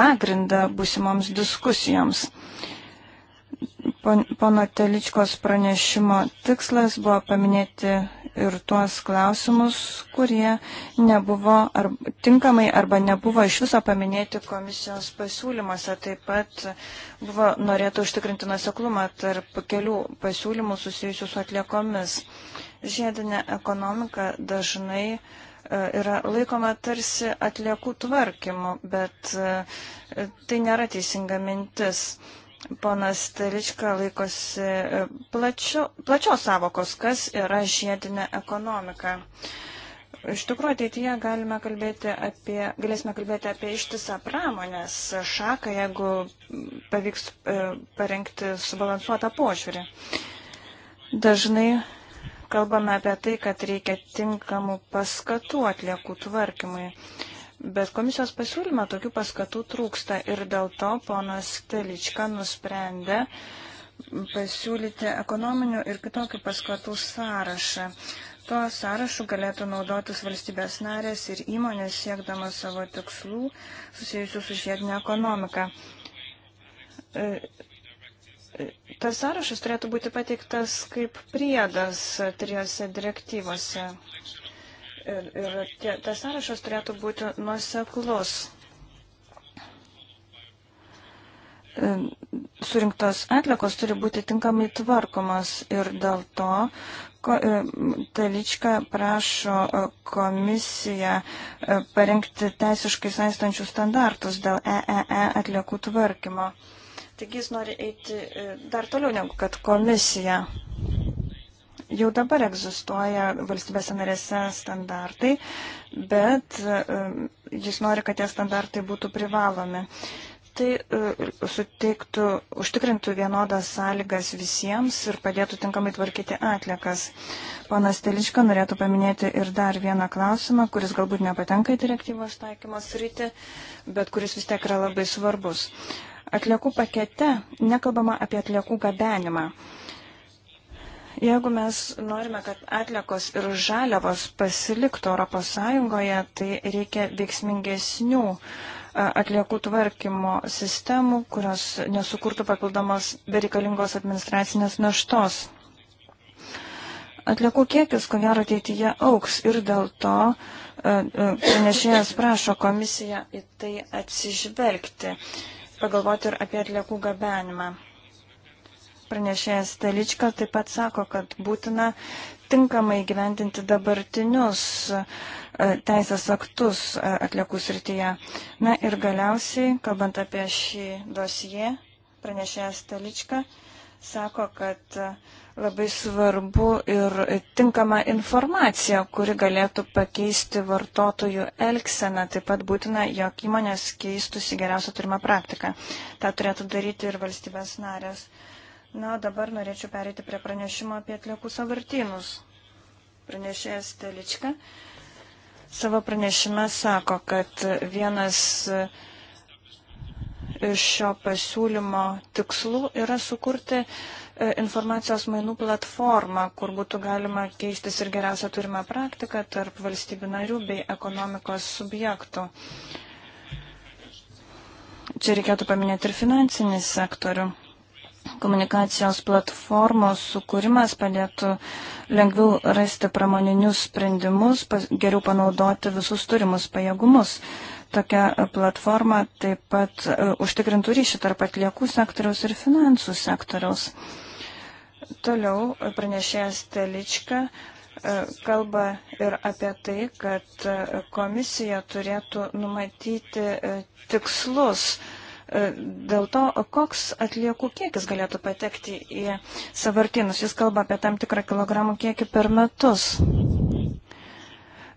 pagrindą būsimoms diskusijoms. Pono Teličkos pranešimo tikslas buvo paminėti ir tuos klausimus, kurie nebuvo ar, tinkamai arba nebuvo iš viso paminėti komisijos pasiūlymuose. Taip pat buvo norėta užtikrinti nuseklumą tarp kelių pasiūlymų susijusių su atliekomis. Žiedinė ekonomika dažnai e, yra laikoma tarsi atliekų tvarkymu, bet e, tai nėra teisinga mintis. Ponas Telička laikosi e, plačio, plačios savokos, kas yra žiedinė ekonomika. Iš tikrųjų, ateityje galime kalbėti apie, galėsime kalbėti apie ištisą pramonės šaką, jeigu pavyks e, parengti subalansuotą požiūrį. Dažnai kalbame apie tai, kad reikia tinkamų paskatų atliekų tvarkymui. Bet komisijos pasiūlyme tokių paskatų trūksta ir dėl to ponas Telička nusprendė pasiūlyti ekonominių ir kitokių paskatų sąrašą. Tuo sąrašu galėtų naudotis valstybės narės ir įmonės siekdamas savo tikslų susijusių su žiedinė ekonomika. E, e, tas sąrašas turėtų būti pateiktas kaip priedas trijose direktyvose Ir, ir tie, tas sąrašas turėtų būti nuoseklus. E, surinktos atlikos turi būti tinkamai tvarkomos ir dėl to e, Telička prašo e, komisiją parengti teisiškai saistančius standartus dėl EEE atliekų tvarkymo. Taigi jis nori eiti dar toliau negu kad komisija. Jau dabar egzistuoja valstybėse narėse standartai, bet e, jis nori, kad tie standartai būtų privalomi. Tai e, suteiktų, užtikrintų vienodas sąlygas visiems ir padėtų tinkamai tvarkyti atliekas. Ponas Teliška norėtų paminėti ir dar vieną klausimą, kuris galbūt nepatenka į direktyvos taikymos rytį, bet kuris vis tiek yra labai svarbus. Atliekų pakete nekalbama apie atliekų gabenimą. Jeigu mes norime, kad atliekos ir žaliavos pasiliktų ES, tai reikia veiksmingesnių atliekų tvarkymo sistemų, kurios nesukurtų papildomos bereikalingos administracinės naštos. Atliekų kiekis, ko gero, ateityje auks ir dėl to pranešėjas prašo komisiją į tai atsižvelgti, pagalvoti ir apie atliekų gabenimą. Pranešėjas Teličko taip pat sako, kad būtina tinkamai gyventinti dabartinius e, teisės aktus e, atliekų srityje. Na ir galiausiai, kalbant apie šį dosiją, pranešėjas Telička sako, kad e, labai svarbu ir tinkama informacija, kuri galėtų pakeisti vartotojų elgseną. Taip pat būtina, jog įmonės keistųsi geriausią turimą praktiką. Ta turėtų daryti ir valstybės narės. Na, dabar norėčiau pereiti prie pranešimo apie atliekų savartynus. Pranešėjas Telička savo pranešime sako, kad vienas iš šio pasiūlymo tikslų yra sukurti e, informacijos mainų platformą, kur būtų galima keistis ir geriausia turima praktika tarp valstybių narių bei ekonomikos subjektų. Čia reikėtų paminėti ir finansinį sektorių komunikacijos platformos sukūrimas padėtų lengviau rasti pramoninius sprendimus, geriau panaudoti visus turimus pajėgumus. Tokia platforma taip pat e, užtikrintų ryšį tarp atliekų sektoriaus ir finansų sektoriaus. Toliau pranešėjas Telička e, kalba ir apie tai, kad e, komisija turėtų numatyti tikslus E, dėl to, koks atliekų kiekis galėtų patekti į savartinus. Jis kalba apie tam tikrą kilogramų kiekį per metus.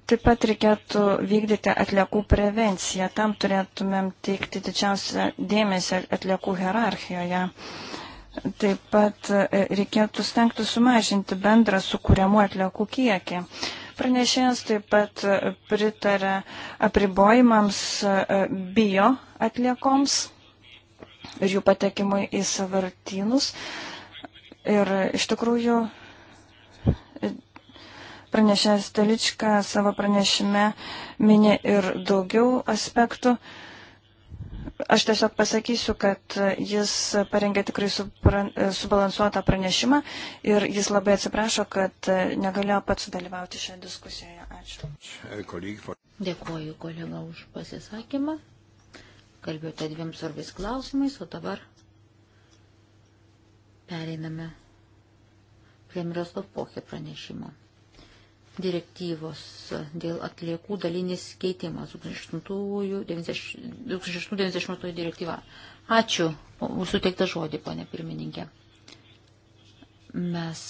Taip pat reikėtų vykdyti atliekų prevenciją. Tam turėtumėm teikti didžiausią dėmesį atliekų hierarchijoje. Taip pat e, reikėtų stengti sumažinti bendrą sukūriamų atliekų kiekį. Pranešėjas taip pat e, pritarė apribojimams bio atliekoms ir jų patekimui į savartynus. Ir iš tikrųjų pranešęs Teličką savo pranešime minė ir daugiau aspektų. Aš tiesiog pasakysiu, kad jis parengė tikrai subalansuotą pranešimą ir jis labai atsiprašo, kad negalėjo pats sudalyvauti šioje diskusijoje. Ačiū. Dėkuoju kolega už pasisakymą kalbėjote dviem svarbiais klausimais, o dabar pereiname prie Miroslav Pohė pranešimo. Direktyvos dėl atliekų dalinis keitimas 2008 direktyva. Ačiū už suteiktą žodį, ponė pirmininkė. Mes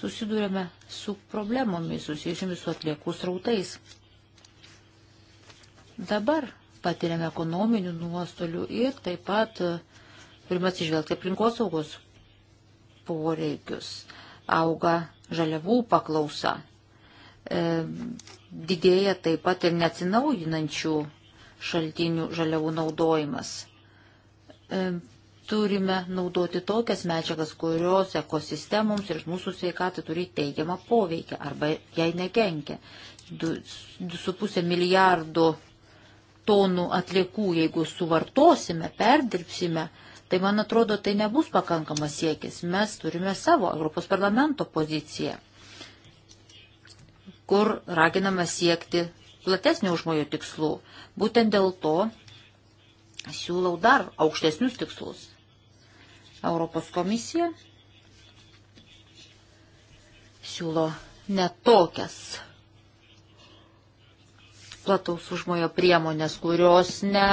susidūrėme su problemomis susijusiamis su atliekų srautais. Dabar patiriame ekonominių nuostolių ir taip pat e, turime atsižvelgti aplinkosaugos poreikius. Auga žaliavų paklausa. E, didėja taip pat ir neatsinaujinančių šaltinių žaliavų naudojimas. E, turime naudoti tokias medžiagas, kurios ekosistemoms ir mūsų sveikatai turi teigiamą poveikį arba jai nekenkia. 2,5 milijardų tonų atliekų, jeigu suvartosime, perdirbsime, tai man atrodo, tai nebus pakankamas siekis. Mes turime savo Europos parlamento poziciją, kur raginame siekti platesnio užmojo tikslų. Būtent dėl to siūlau dar aukštesnius tikslus. Europos komisija siūlo netokias plataus užmojo priemonės, kurios ne,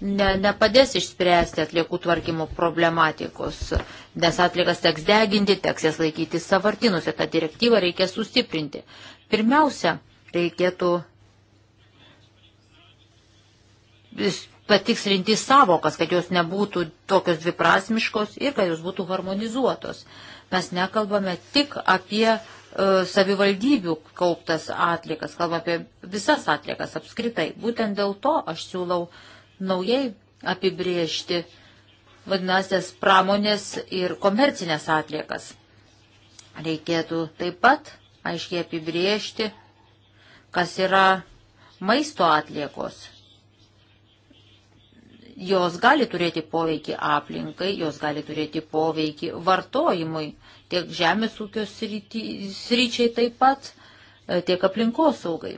ne, nepadės išspręsti atliekų tvarkymo problematikos, nes atliekas teks deginti, teks jas laikyti savartinuose, tą direktyvą reikės sustiprinti. Pirmiausia, reikėtų patikslinti savokas, kad jos nebūtų tokios dviprasmiškos ir kad jos būtų harmonizuotos. Mes nekalbame tik apie E, savivaldybių kauptas atlikas, kalbame apie visas atlikas apskritai. Būtent dėl to aš siūlau naujai apibriežti vadinasias pramonės ir komercinės atliekas. Reikėtų taip pat aiškiai apibriežti, kas yra maisto atliekos. Jos gali turėti poveikį aplinkai, jos gali turėti poveikį vartojimui tiek žemės ūkio sryčiai taip pat, e, tiek aplinkos saugai.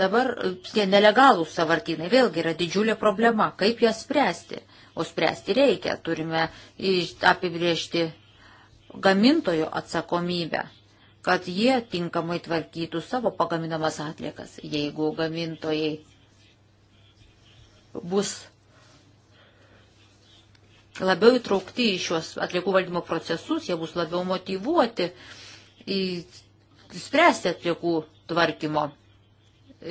Dabar e, tie nelegalūs savartinai vėlgi yra didžiulė problema, kaip jas spręsti. O spręsti reikia, turime apibriežti gamintojo atsakomybę, kad jie tinkamai tvarkytų savo pagaminamas atliekas. Jeigu gamintojai bus labiau įtraukti į šios atliekų valdymo procesus, jie bus labiau motivuoti į spręsti atliekų tvarkymo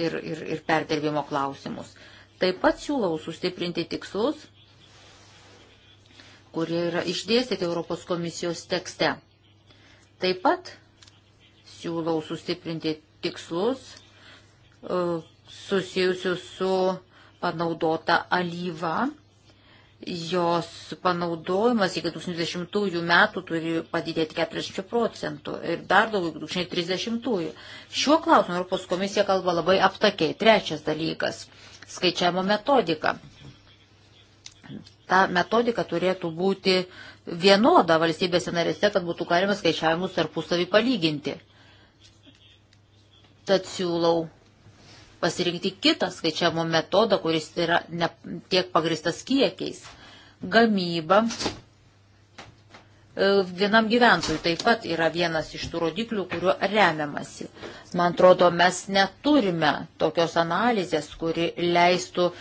ir, ir, ir perdirbimo klausimus. Taip pat siūlau sustiprinti tikslus, kurie yra išdėstyti Europos komisijos tekste. Taip pat siūlau sustiprinti tikslus e, susijusius su panaudota alyva jos panaudojimas iki 2020 metų turi padidėti 40 procentų ir dar daugiau 2030. Šiuo klausimu Europos komisija kalba labai aptakiai. Trečias dalykas - skaičiavimo metodika. Ta metodika turėtų būti vienoda valstybėse narėse, kad būtų galima skaičiavimus tarpusavį palyginti. Tad siūlau pasirinkti kitą skaičiavimo metodą, kuris yra ne tiek pagristas kiekiais. Gamyba e, vienam gyventojui taip pat yra vienas iš tų rodiklių, kuriuo remiamasi. Man atrodo, mes neturime tokios analizės, kuri leistų e,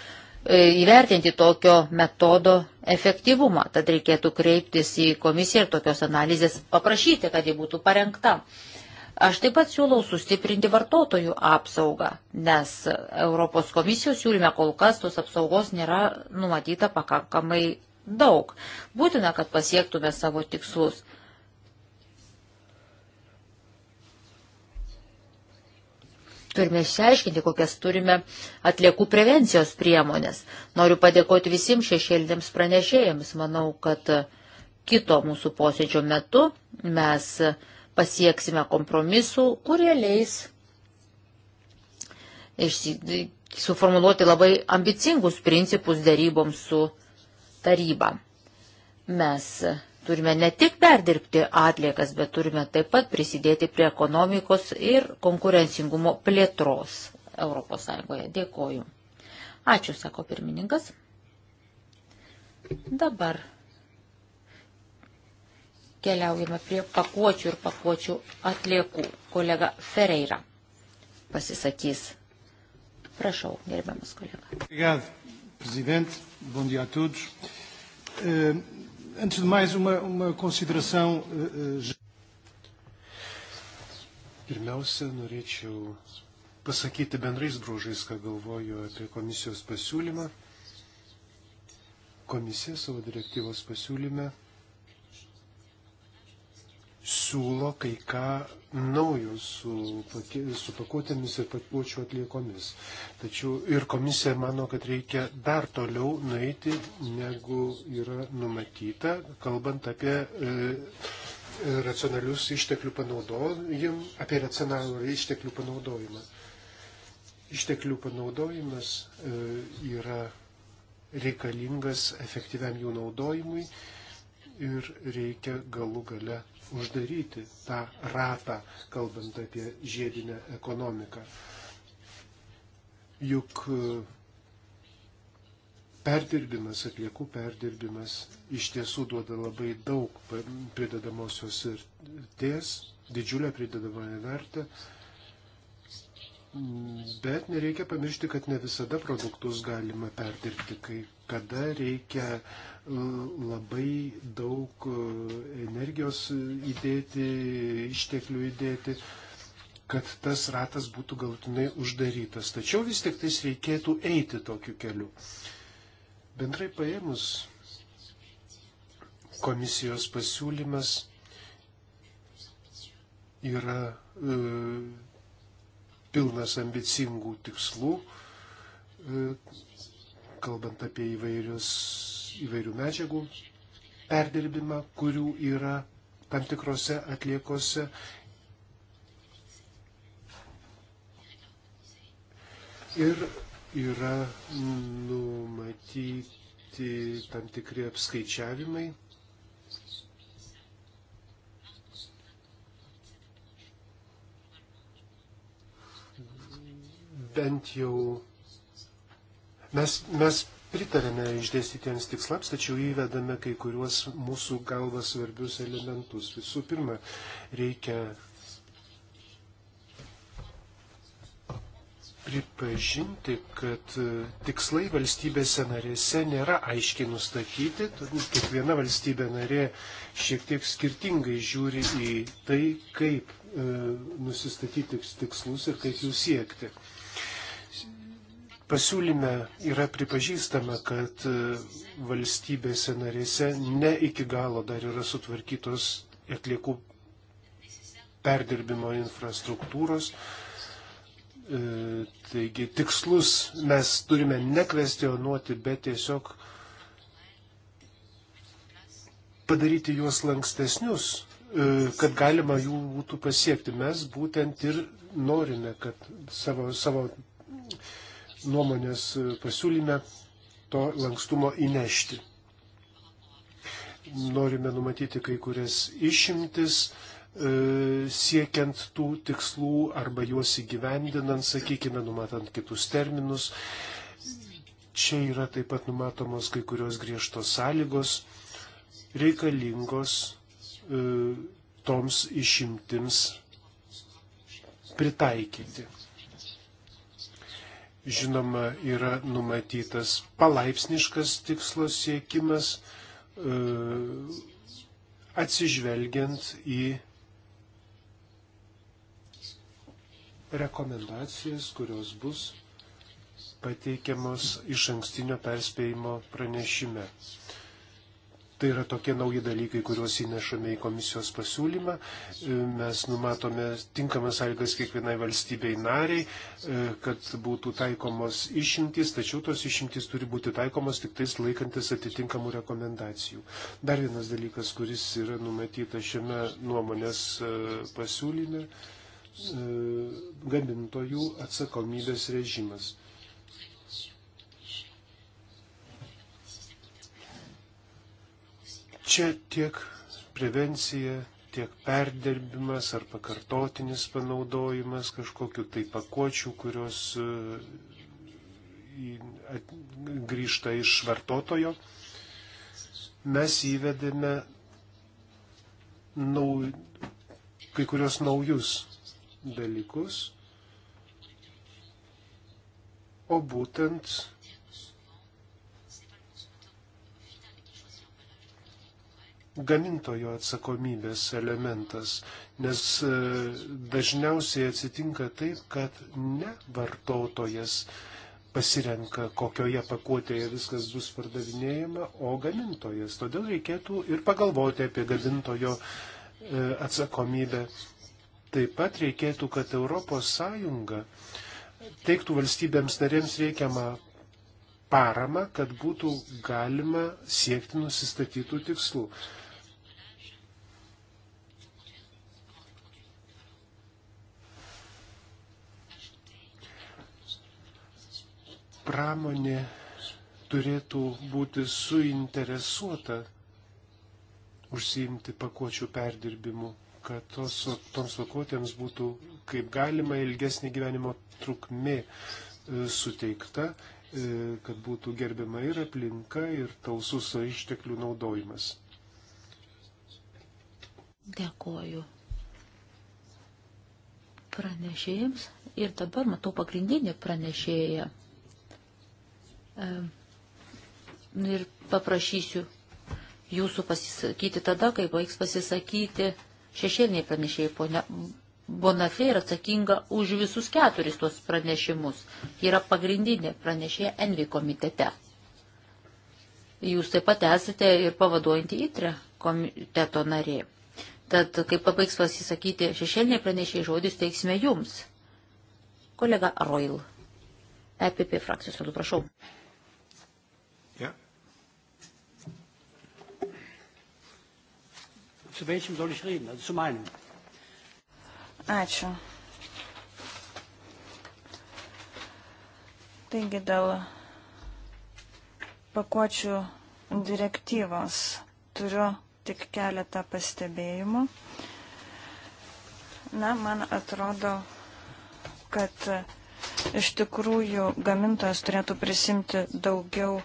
įvertinti tokio metodo efektyvumą. Tad reikėtų kreiptis į komisiją ir tokios analizės paprašyti, kad ji būtų parengta. Aš taip pat siūlau sustiprinti vartotojų apsaugą, nes Europos komisijos siūlyme kol kas tos apsaugos nėra numatyta pakankamai daug. Būtina, kad pasiektume savo tikslus. Turime išsiaiškinti, kokias turime atliekų prevencijos priemonės. Noriu padėkoti visiems šešėlėms pranešėjams. Manau, kad kito mūsų posėdžio metu mes uh, pasieksime kompromisų, kurie leis suformuluoti labai ambicingus principus dėryboms su taryba. Mes turime ne tik perdirbti atliekas, bet turime taip pat prisidėti prie ekonomikos ir konkurencingumo plėtros ES. Dėkoju. Ačiū, sako pirmininkas. Dabar Keliaujame prie pakuočių ir pakuočių atliekų. Kolega Ferreira pasisakys. Prašau, gerbiamas kolega. Obrigado, presidente. Bom dia a todos. Uh, antes de mais, uma, uma consideração. Uh, uh... Pirmiausia, norėčiau pasakyti bendrais bruožais, ką galvoju apie komisijos pasiūlymą. Komisija savo direktyvos pasiūlyme siūlo kai ką naujo su, su pakuotėmis ir pakuočių atliekomis. Tačiau ir komisija mano, kad reikia dar toliau nueiti, negu yra numatyta, kalbant apie e, racionalius išteklių panaudojimą, apie racionalų išteklių panaudojimą. Išteklių panaudojimas e, yra reikalingas efektyviam jų naudojimui ir reikia galų gale uždaryti tą ratą, kalbant apie žiedinę ekonomiką. Juk e, perdirbimas, atliekų perdirbimas iš tiesų duoda labai daug pridedamosios vertės, didžiulę pridedamąją vertę, bet nereikia pamiršti, kad ne visada produktus galima perdirbti, kai kada reikia uh, labai daug e, energijos įdėti, išteklių įdėti, kad tas ratas būtų galutinai uždarytas. Tačiau vis tik tais reikėtų eiti tokiu keliu. Bendrai paėmus, komisijos pasiūlymas yra e, pilnas ambicingų tikslų, e, kalbant apie įvairius įvairių medžiagų perdirbimą, kurių yra tam tikrose atliekose. Ir yra numatyti tam tikri apskaičiavimai. Bent jau mes, mes pritarėme išdėstytiems tikslams, tačiau įvedame kai kuriuos mūsų galvas svarbius elementus. Visų pirma, reikia pripažinti, kad tikslai valstybėse narėse nėra aiškiai nustatyti, todėl kiekviena valstybė narė šiek tiek skirtingai žiūri į tai, kaip e, nusistatyti tikslus ir kaip jų siekti. Pasiūlyme yra pripažįstama, kad e, valstybėse narėse ne iki galo dar yra sutvarkytos atliekų perdirbimo infrastruktūros. E, taigi tikslus mes turime nekvestionuoti, bet tiesiog padaryti juos lankstesnius, e, kad galima jų būtų pasiekti. Mes būtent ir norime, kad savo, savo nuomonės e, pasiūlyme to lankstumo įnešti. Norime numatyti kai kurias išimtis e, siekiant tų tikslų arba juos įgyvendinant, sakykime, numatant kitus terminus. Čia yra taip pat numatomos kai kurios griežtos sąlygos reikalingos e, toms išimtims pritaikyti žinoma, yra numatytas palaipsniškas tikslo siekimas, e, atsižvelgiant į rekomendacijas, kurios bus pateikiamos iš ankstinio perspėjimo pranešime. Tai yra tokie nauji dalykai, kuriuos įnešame į komisijos pasiūlymą. E, mes numatome tinkamas sąlygas kiekvienai valstybei nariai, e, kad būtų taikomos išimtis, tačiau tos išimtis turi būti taikomos tik tais laikantis atitinkamų rekomendacijų. Dar vienas dalykas, kuris yra numatytas šiame nuomonės e, pasiūlyme gamintojų atsakomybės režimas. Čia tiek prevencija, tiek perdirbimas ar pakartotinis panaudojimas kažkokiu tai pakuočių, kurios e, grįžta iš vartotojo. Mes įvedėme nau, kai kurios naujus dalykus, o būtent gamintojo atsakomybės elementas, nes e, dažniausiai atsitinka taip, kad ne vartotojas pasirenka, kokioje pakuotėje viskas bus pardavinėjama, o gamintojas. Todėl reikėtų ir pagalvoti apie gamintojo e, atsakomybę. Taip pat reikėtų, kad ES teiktų valstybėms narėms reikiamą paramą, kad būtų galima siekti nusistatytų tikslų. pramonė turėtų būti suinteresuota užsiimti pakuočių perdirbimu, kad tos, toms pakuotėms būtų kaip galima ilgesnė gyvenimo trukmė e, suteikta, e, kad būtų gerbiama ir aplinka, ir tausus išteklių naudojimas. Dėkoju pranešėjams ir dabar matau pagrindinį pranešėją Nu ir paprašysiu jūsų pasisakyti tada, kai baigs pasisakyti šešėliniai pranešėjai. Ponia Bonafė yra atsakinga už visus keturis tuos pranešimus. Yra pagrindinė pranešėja Envi komitete. Jūs taip pat esate ir pavaduojantį įtrę komiteto narė. Tad, kai pabaigs pasisakyti šešėliniai pranešėjai žodis, teiksime jums. Kolega Roil, EPP frakcijos, prašau. Zu welchem soll ich reden? Also zu meinem. Ačiū. Taigi dėl pakuočių direktyvos turiu tik keletą pastebėjimų. Na, man atrodo, kad iš tikrųjų gamintojas turėtų prisimti daugiau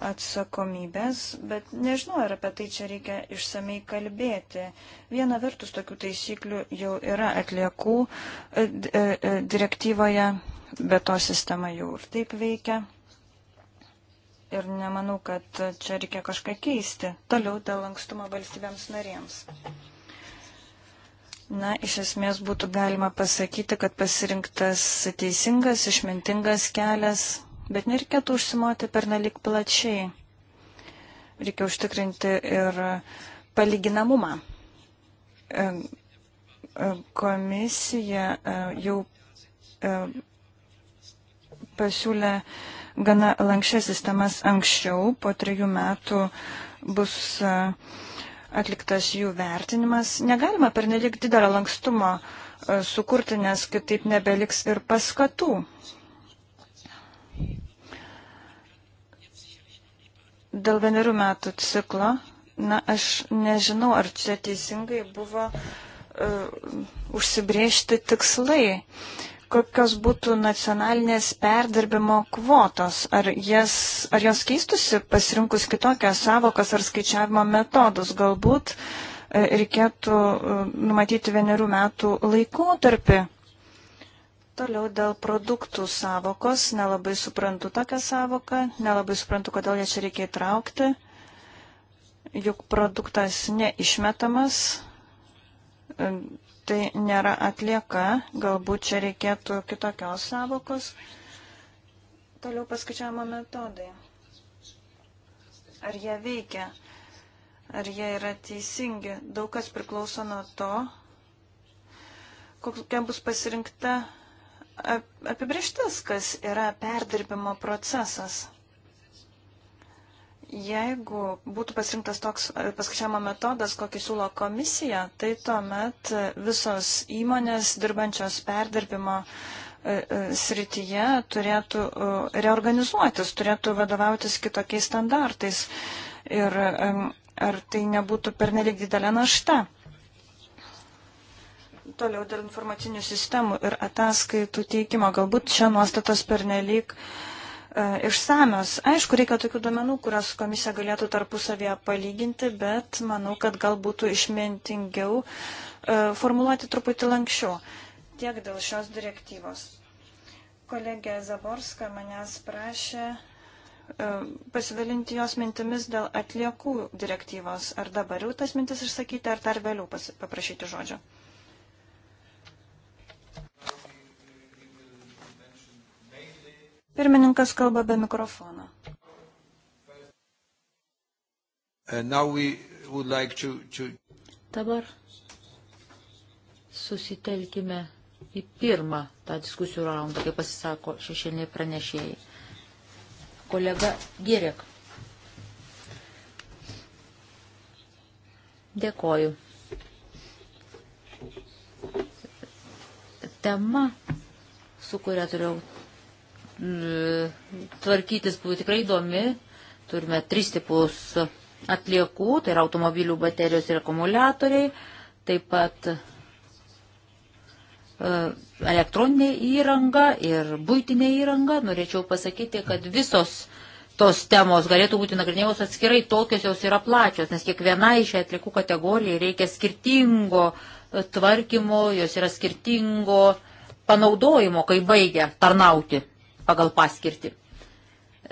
atsakomybės, bet nežinau, ar apie tai čia reikia išsamei kalbėti. Viena vertus tokių taisyklių jau yra atliekų e, e, e, direktyvoje, bet to sistema jau ir taip veikia. Ir nemanau, kad čia reikia kažką keisti. Toliau dėl lankstumo valstybėms narėms. Na, iš esmės būtų galima pasakyti, kad pasirinktas teisingas, išmintingas kelias bet nereikėtų užsimoti pernelik plačiai. Reikia užtikrinti ir palyginamumą. E, e, komisija e, jau pasiūlė gana lankščias sistemas anksčiau, po trejų metų bus atliktas jų vertinimas. Negalima per nelik didelio lankstumo sukurti, nes kitaip nebeliks ir paskatų. Dėl vienerių metų ciklo, na, aš nežinau, ar čia teisingai buvo uh, užsibriežti tikslai, kokios būtų nacionalinės perdarbimo kvotos, ar, jas, ar jos keistusi pasirinkus kitokias savokas ar skaičiavimo metodus, galbūt uh, reikėtų e, numatyti vienerių metų laikotarpį. Toliau dėl produktų savokos. Nelabai suprantu tokią savoką, nelabai suprantu, kodėl ją čia reikia įtraukti. Juk produktas neišmetamas, tai nėra atlieka, galbūt čia reikėtų kitokios savokos. Toliau paskaičiavimo metodai. Ar jie veikia, ar jie yra teisingi. Daug kas priklauso nuo to, kokia bus pasirinkta apibrištis, kas yra perdirbimo procesas. Jeigu būtų pasirinktas toks paskaičiavimo metodas, kokį siūlo komisija, tai tuomet visos įmonės dirbančios perdirbimo e, e, srityje turėtų e, reorganizuotis, turėtų vadovautis kitokiais standartais. Ir ar tai nebūtų pernelyg didelė našta? Toliau dėl informacinių sistemų ir ataskaitų teikimo. Galbūt čia nuostatos pernelyg e, išsamios. Aišku, reikia tokių duomenų, kurias komisija galėtų tarpusavėje palyginti, bet manau, kad gal būtų išmintingiau e, formuluoti truputį lankščiau. Tiek dėl šios direktyvos. Kolegė Zaborska manęs prašė e, pasidalinti jos mintimis dėl atliekų direktyvos. Ar dabar jau tas mintis išsakyti, ar dar vėliau paprašyti žodžio? Pirmininkas kalba be mikrofono. Like to, to... Dabar susitelkime į pirmą tą diskusijų raundą, kaip pasisako šešėliniai pranešėjai. Kolega Girek. Dėkoju. Tema, su kuria turėjau Mm, tvarkytis buvo tikrai įdomi. Turime tris tipus atliekų, tai yra automobilių baterijos ir akumuliatoriai, taip pat e, elektroninė įranga ir būtinė įranga. Norėčiau pasakyti, kad visos tos temos galėtų būti nagrinėjamos atskirai, tokios jos yra plačios, nes kiekvienai šiai atlikų kategorijai reikia skirtingo e, tvarkymo, jos yra skirtingo panaudojimo, kai baigia tarnauti pagal paskirtį.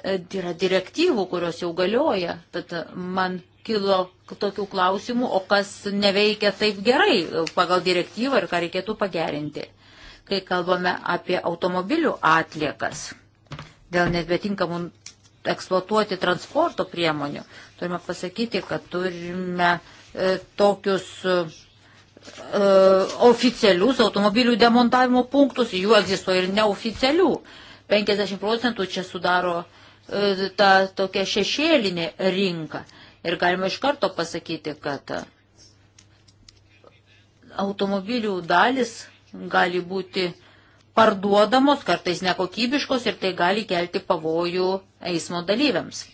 E, yra direktyvų, kurios jau galioja, tad man kilo tokių klausimų, o kas neveikia taip gerai pagal direktyvą ir ką reikėtų pagerinti, kai kalbame apie automobilių atliekas dėl nebetinkamų eksploatuoti transporto priemonių. Turime pasakyti, kad turime e, tokius e, e oficialius automobilių demontavimo punktus, jų egzistuoja ir neoficialių. E, 50 procentų čia sudaro e, ta tokia šešėlinė rinka. Ir galima iš karto pasakyti, kad automobilių dalis gali būti parduodamos, kartais nekokybiškos ir tai gali kelti pavojų eismo dalyviams.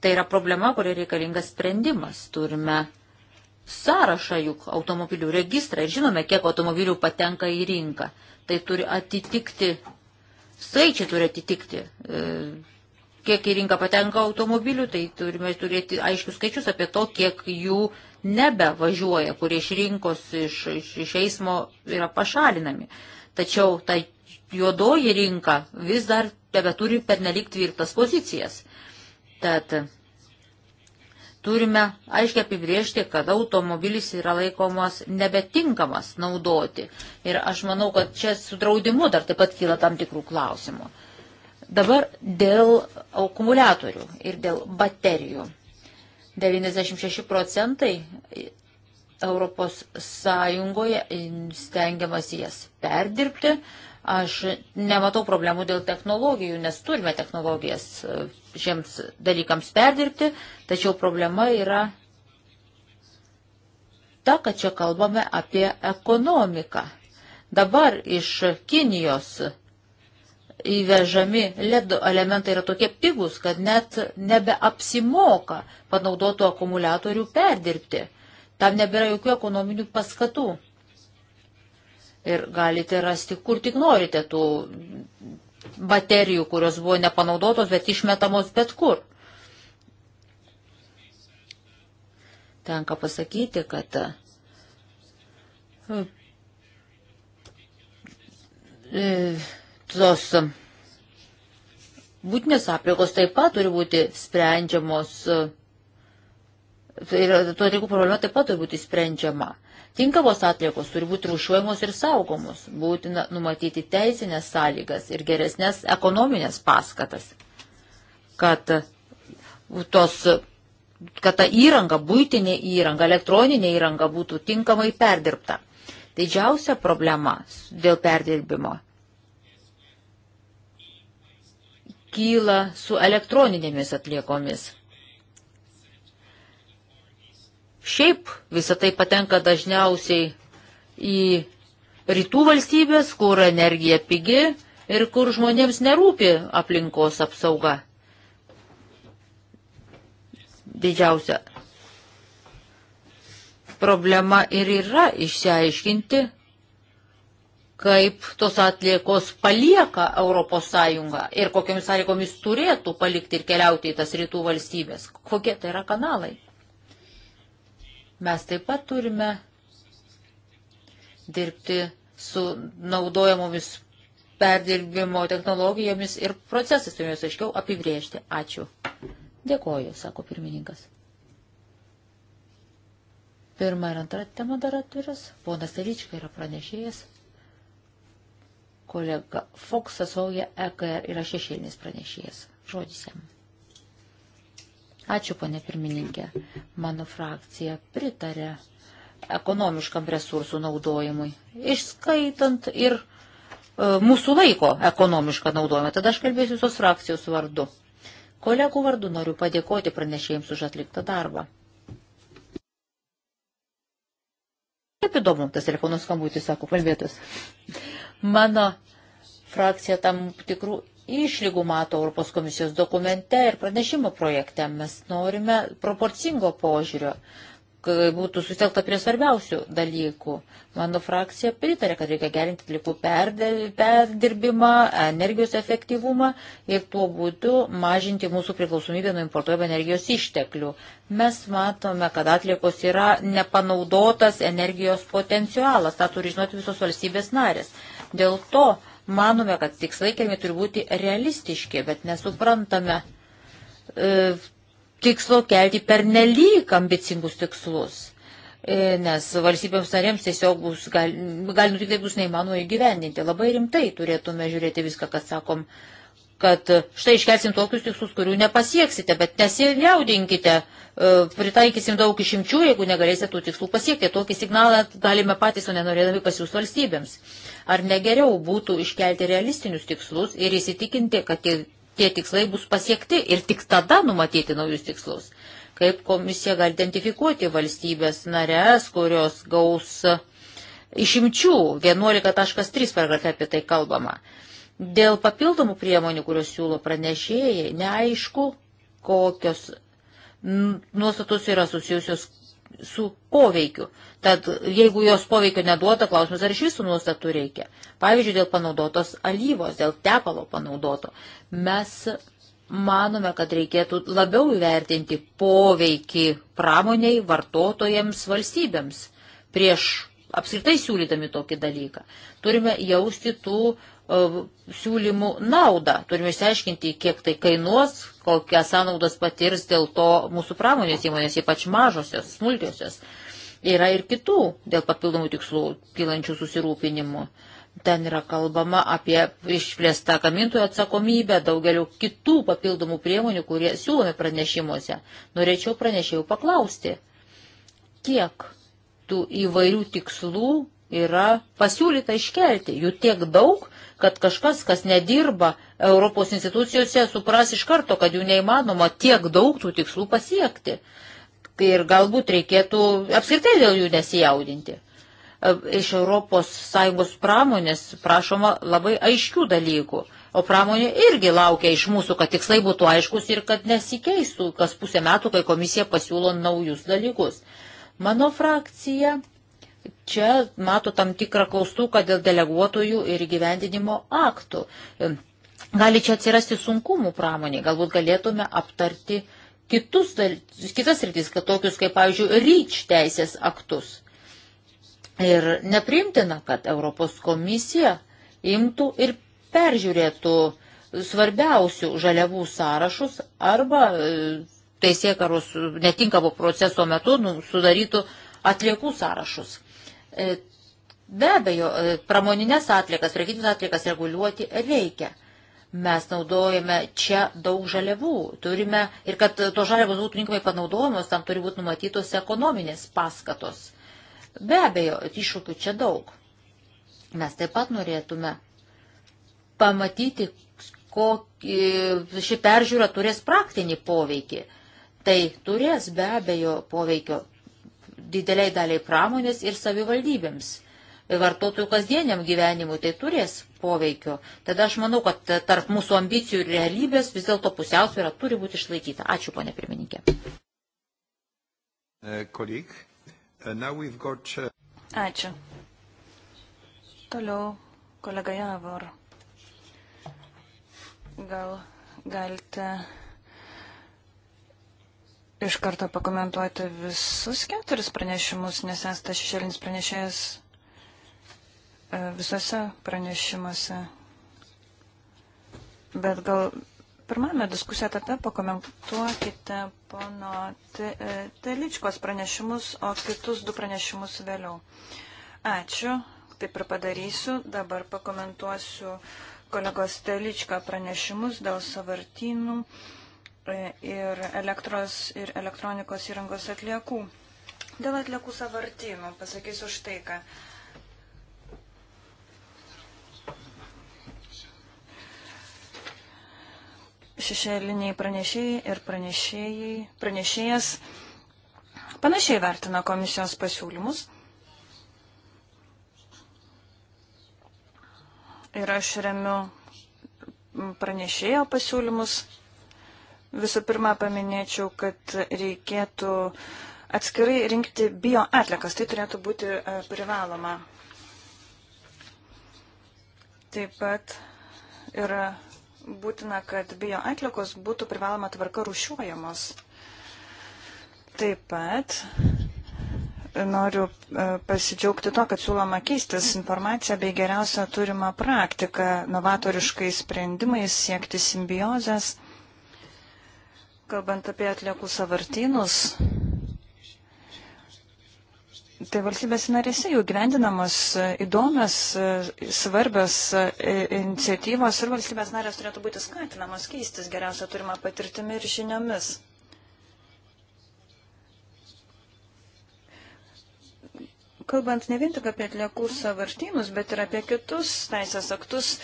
Tai yra problema, kuria reikalingas sprendimas. Turime sąrašą juk automobilių registrą ir žinome, kiek automobilių patenka į rinką. Tai turi atitikti skaičiai turi atitikti. E, kiek į rinką patenka automobilių, tai turime turėti aiškius skaičius apie to, kiek jų nebevažiuoja, kurie iš rinkos, iš, iš, iš eismo yra pašalinami. Tačiau ta juodoji rinka vis dar tebe turi pernelik tvirtas pozicijas. Tad Turime aiškiai apibriežti, kad automobilis yra laikomas nebetinkamas naudoti. Ir aš manau, kad čia su draudimu dar taip pat kyla tam tikrų klausimų. Dabar dėl akumuliatorių ir dėl baterijų. 96 procentai Europos Sąjungoje stengiamas jas perdirbti. Aš nematau problemų dėl technologijų, nes turime technologijas e, šiems dalykams perdirbti, tačiau problema yra ta, kad čia kalbame apie ekonomiką. Dabar iš Kinijos įvežami ledo elementai yra tokie pigus, kad net nebeapsimoka panaudotų akumuliatorių perdirbti. Tam nebėra jokių ekonominių paskatų ir galite rasti, kur tik norite tų baterijų, kurios buvo nepanaudotos, bet išmetamos bet kur. Tenka pasakyti, kad e, tos būtinės aplikos taip pat turi būti sprendžiamos ir e, to tai atlikų problema taip pat turi būti sprendžiama. Tinkamos atliekos turi būti rušiuojamos ir saugomos. Būtina numatyti teisinės sąlygas ir geresnės ekonominės paskatas, kad, tos, kad ta įranga, būtinė įranga, elektroninė įranga būtų tinkamai perdirbta. Didžiausia problema dėl perdirbimo kyla su elektroninėmis atliekomis. Šiaip visą tai patenka dažniausiai į rytų valstybės, kur energija pigi ir kur žmonėms nerūpi aplinkos apsauga. Didžiausia problema ir yra išsiaiškinti, kaip tos atliekos palieka ES ir kokiamis sąlygomis turėtų palikti ir keliauti į tas rytų valstybės. Kokie tai yra kanalai? Mes taip pat turime dirbti su naudojamomis perdirbimo technologijomis ir procesas turime juos aiškiau apibrėžti. Ačiū. Dėkoju, sako pirmininkas. Pirma ir antra tema dar atviras. Ponas Telička yra pranešėjas. Kolega Foksas Oja EKR yra šešėlinis pranešėjas. Žodis jam. Ačiū, ponė pirmininkė. Mano frakcija pritarė ekonomiškam resursų naudojimui, išskaitant ir e, mūsų laiko ekonomišką naudojimą. Tada aš kalbėsiu visos frakcijos vardu. Kolegų vardu noriu padėkoti pranešėjams už atliktą darbą. Kaip įdomu, tas telefonos skambutis, sako kalbėtas. Mano frakcija tam tikrų išlygų mato Europos komisijos dokumente ir pranešimo projekte. Mes norime proporcingo požiūrio, kai būtų susitelkta prie svarbiausių dalykų. Mano frakcija pritarė, kad reikia gerinti atlikų perdirbimą, energijos efektyvumą ir tuo būdu mažinti mūsų priklausomybę nuo importuojamų energijos išteklių. Mes matome, kad atliekos yra nepanaudotas energijos potencialas, tą turi žinoti visos valstybės narės. Dėl to Manome, kad tikslai keliami turi būti realistiški, bet nesuprantame e, tikslo kelti per nelyg ambicingus tikslus, e, nes valstybėms narėms tiesiog bus, gal, gal nutikti bus neįmanoma įgyvendinti. Labai rimtai turėtume žiūrėti viską, kad sakom kad štai iškelsim tokius tikslus, kurių nepasieksite, bet nesijaudinkite, e, pritaikysim daug išimčių, jeigu negalėsite tų tikslų pasiekti. Tokį signalą galime patys, o nenorėdami pasiūsti valstybėms. Ar negeriau būtų iškelti realistinius tikslus ir įsitikinti, kad tie, tie tikslai bus pasiekti ir tik tada numatyti naujus tikslus? Kaip komisija gali identifikuoti valstybės narės, kurios gaus išimčių 11.3 paragrafe apie tai kalbama. Dėl papildomų priemonių, kurios siūlo pranešėjai, neaišku, kokios nuostatos yra susijusios su poveikiu. Tad jeigu jos poveikio neduota, klausimas, ar iš visų nuostatų reikia. Pavyzdžiui, dėl panaudotos alyvos, dėl tepalo panaudoto. Mes manome, kad reikėtų labiau įvertinti poveikį pramoniai, vartotojams, valstybėms prieš apskritai siūlydami tokį dalyką. Turime jausti tų E, siūlymų naudą. Turime išsiaiškinti, kiek tai kainuos, kokias sąnaudas patirs dėl to mūsų pramonės įmonės, ypač mažosios, smulkiosios. Yra ir kitų dėl papildomų tikslų kylančių susirūpinimų. Ten yra kalbama apie išplėstą gamintojų atsakomybę, daugeliu kitų papildomų priemonių, kurie siūlomi pranešimuose. Norėčiau pranešėjų paklausti, kiek tų įvairių tikslų yra pasiūlyta iškelti. Jų tiek daug, kad kažkas, kas nedirba Europos institucijose, supras iš karto, kad jų neįmanoma tiek daug tų tikslų pasiekti. Ir galbūt reikėtų apskritai dėl jų nesijaudinti. E, iš ES pramonės prašoma labai aiškių dalykų, o pramonė irgi laukia iš mūsų, kad tikslai būtų aiškus ir kad nesikeistų kas pusę metų, kai komisija pasiūlo naujus dalykus. Mano frakcija čia mato tam tikrą klaustuką dėl deleguotojų ir gyvendinimo aktų. Gali čia atsirasti sunkumų pramonė, galbūt galėtume aptarti kitus, kitas rytis, kad tokius kaip, pavyzdžiui, ryč teisės aktus. Ir neprimtina, kad Europos komisija imtų ir peržiūrėtų svarbiausių žaliavų sąrašus arba e, teisėkaros netinkamo proceso metu nu, sudarytų atliekų sąrašus. E, be abejo, e, pramoninės atlikas, prekybinės atlikas reguliuoti reikia. Mes naudojame čia daug žaliavų. Turime ir kad to žaliavos būtų tinkamai panaudojamos, tam turi būti numatytos ekonominės paskatos. Be abejo, iššūkių čia daug. Mes taip pat norėtume pamatyti, kokį ši peržiūra turės praktinį poveikį. Tai turės be abejo poveikio dideliai daliai pramonės ir savivaldybėms. Vartotojų kasdieniam gyvenimui tai turės poveikio. Tada aš manau, kad tarp mūsų ambicijų ir realybės vis dėlto pusiausvėra turi būti išlaikyta. Ačiū, ponė pirmininkė. Kolik. Uh, uh, got... Uh, Ačiū. Toliau kolega Javor. Gal galite iš karto pakomentuoti visus keturis pranešimus, nes esate šešėlinis pranešėjas e, visose pranešimuose. Bet gal pirmame diskusijų etape pakomentuokite pono e, Teličkos pranešimus, o kitus du pranešimus vėliau. Ačiū, taip ir padarysiu. Dabar pakomentuosiu kolegos Teličką pranešimus dėl savartynų. Uh, ir elektros ir elektronikos įrangos atliekų. Dėl atliekų savartynų pasakysiu štai ką. Šešėliniai pranešėjai ir pranešėjai, pranešėjas panašiai vertina komisijos pasiūlymus. Ir aš remiu pranešėjo pasiūlymus Visų pirma, paminėčiau, kad reikėtų atskirai rinkti bio atlikas. Tai turėtų būti e, privaloma. Taip pat yra būtina, kad bio atlikos būtų privaloma tvarka rušiuojamos. Taip pat noriu e, pasidžiaugti to, kad siūloma keistis informacija bei geriausia turima praktika, novatoriškai sprendimais siekti simbiozės. Kalbant apie atliekų savartynus, tai valstybės narėse jau gyvendinamos įdomios, svarbios e, iniciatyvos ir valstybės narės turėtų būti skatinamos keistis geriausia turima patirtimi ir žiniomis. Kalbant ne vien tik apie atliekų savartynus, bet ir apie kitus teisės aktus,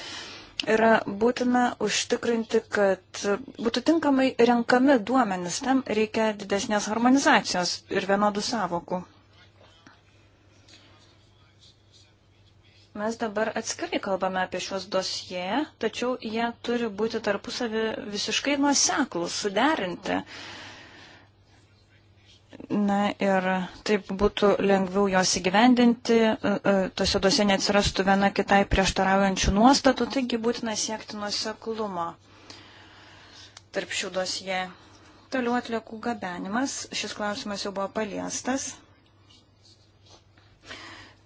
yra būtina užtikrinti, kad būtų tinkamai renkami duomenys. Tam reikia didesnės harmonizacijos ir vienodų savokų. Mes dabar atskirai kalbame apie šios dosie, tačiau jie turi būti tarpusavį visiškai nuoseklus, suderinti. Uh, Na ir taip būtų lengviau jos įgyvendinti, e, e, tose duose neatsirastų viena kitai prieštaraujančių nuostatų, taigi būtina siekti nuoseklumo tarp šių dosie. Toliau atliekų gabenimas, šis klausimas jau buvo paliestas.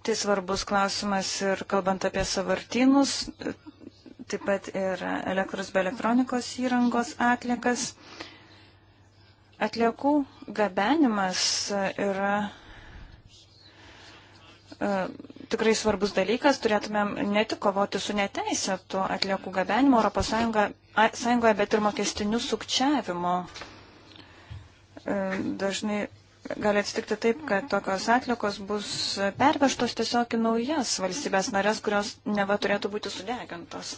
Tai svarbus klausimas ir kalbant apie savartynus, e, taip pat ir elektros be elektronikos įrangos atliekas. Atliekų gabenimas yra e, tikrai svarbus dalykas, turėtumėm ne tik kovoti su neteisėtu atliekų gabenimu Europos Sąjungoje, bet ir mokestiniu sukčiavimu. E, dažnai gali atsitikti taip, kad tokios atliekos bus pervežtos tiesiog į naujas valstybės narės, kurios neva turėtų būti sudegintos.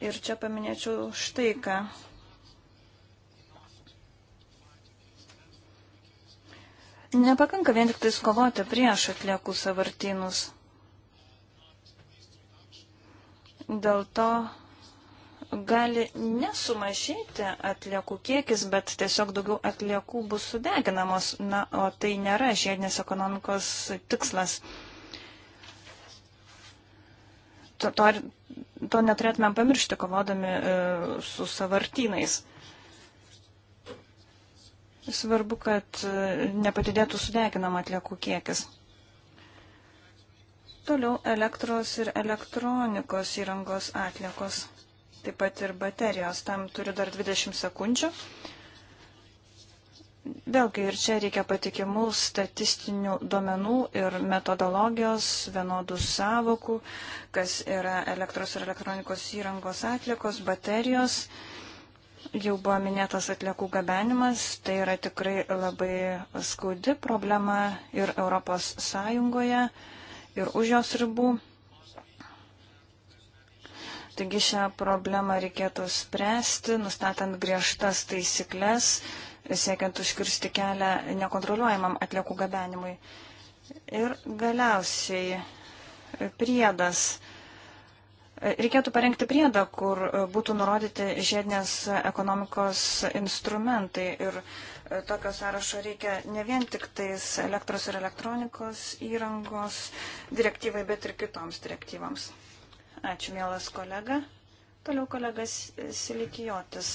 Ir čia paminėčiau štai ką. Nepakanka vien tik tais kovoti prieš atliekų savartynus. Dėl to gali nesumažėti atliekų kiekis, bet tiesiog daugiau atliekų bus sudeginamos, na, o tai nėra žiedinės ekonomikos tikslas. To, to, to neturėtume pamiršti, kovodami e, su savartynais. Svarbu, kad e, nepatidėtų sudeginama atliekų kiekis. Toliau elektros ir elektronikos įrangos atliekos. Taip pat ir baterijos. Tam turiu dar 20 sekundžių. Vėlgi ir čia reikia patikimų statistinių duomenų ir metodologijos, vienodų savokų, kas yra elektros ir elektronikos įrangos atlikos, baterijos. Jau buvo minėtas atliekų gabenimas, tai yra tikrai labai skaudi problema ir Europos Sąjungoje, ir už jos ribų. Taigi šią problemą reikėtų spręsti, nustatant griežtas taisyklės, siekiant užkirsti kelią nekontroliuojamam atliekų gabenimui. Ir galiausiai priedas Reikėtų parengti priedą, kur e, būtų nurodyti žiedinės ekonomikos instrumentai ir e, tokio sąrašo reikia ne vien tik tais elektros ir elektronikos įrangos direktyvai, bet ir kitoms direktyvams. Ačiū, mielas kolega. Toliau kolegas Silikijotis.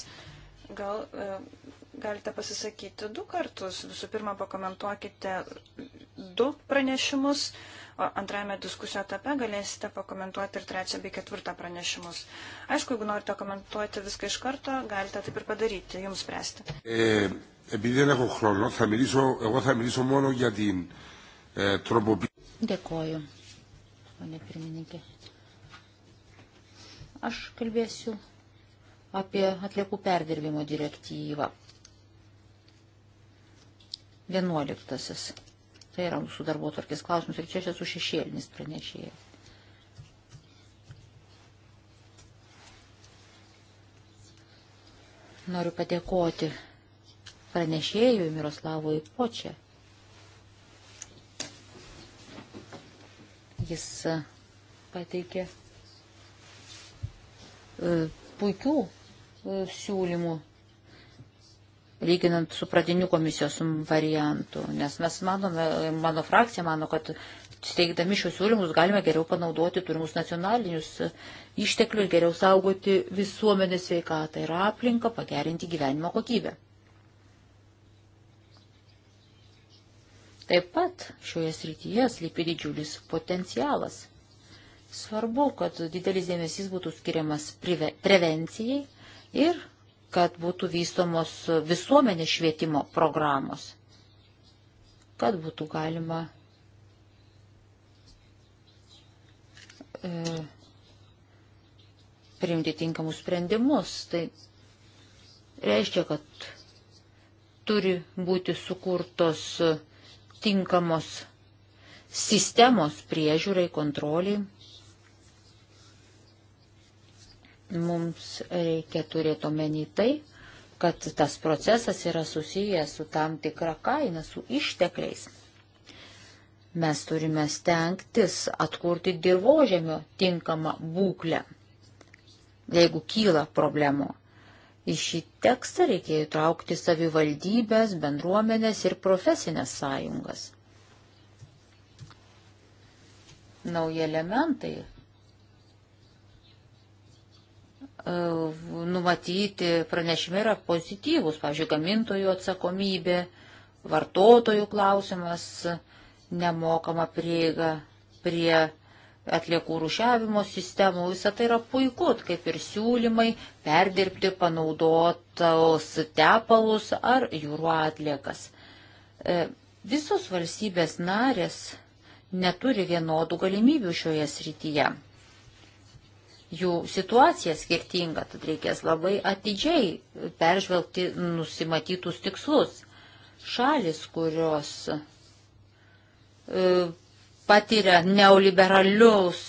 Gal e, galite pasisakyti du kartus. Visų pirma, pakomentuokite du pranešimus, o antrajame diskusijų etape galėsite pakomentuoti ir trečią bei ketvirtą pranešimus. Aišku, jeigu norite komentuoti viską iš karto, galite taip ir padaryti, jums spręsti. E, επειδή δεν έχω χρόνο, θα μιλήσω, εγώ θα μιλήσω μόνο για την ε, τροποποίηση. Dėkoju, ponė pirmininkė. Aš kalbėsiu apie atliekų perdirbimo direktyvą. Vienuoliktasis. Tai yra mūsų darbo tvarkės klausimas ir čia aš esu šešėlinis pranešėjas. Noriu padėkoti pranešėjui Miroslavui Počia. Jis e, pateikė e, puikių e, siūlymų lyginant su pradiniu komisijos variantu, nes mes manome, mano frakcija mano, kad steigdami šios siūlymus galime geriau panaudoti turimus nacionalinius išteklius, geriau saugoti visuomenės sveikatą ir aplinką, pagerinti gyvenimo kokybę. Taip pat šioje srityje slypi didžiulis potencialas. Svarbu, kad didelis dėmesys būtų skiriamas prevencijai ir kad būtų vystomos visuomenės švietimo programos, kad būtų galima e, priimti tinkamus sprendimus. Tai reiškia, kad turi būti sukurtos tinkamos sistemos priežiūrai, kontroliai. mums reikia turėti omeny tai, kad tas procesas yra susijęs su tam tikra kaina, su ištekliais. Mes turime stengtis atkurti dirbožėmio tinkamą būklę, jeigu kyla problemų. Į šį tekstą reikia įtraukti savivaldybės, bendruomenės ir profesinės sąjungas. Nauji elementai E, numatyti pranešime yra pozityvus, pavyzdžiui, gamintojų atsakomybė, vartotojų klausimas, nemokama prieiga prie atliekų rušiavimo sistemų. Visą tai yra puiku, kaip ir siūlymai perdirbti panaudotos tepalus ar jūrų atliekas. E, visos valstybės narės neturi vienodų galimybių šioje srityje jų situacija skirtinga, tad reikės labai atidžiai peržvelgti nusimatytus tikslus. Šalis, kurios e, patiria neoliberalius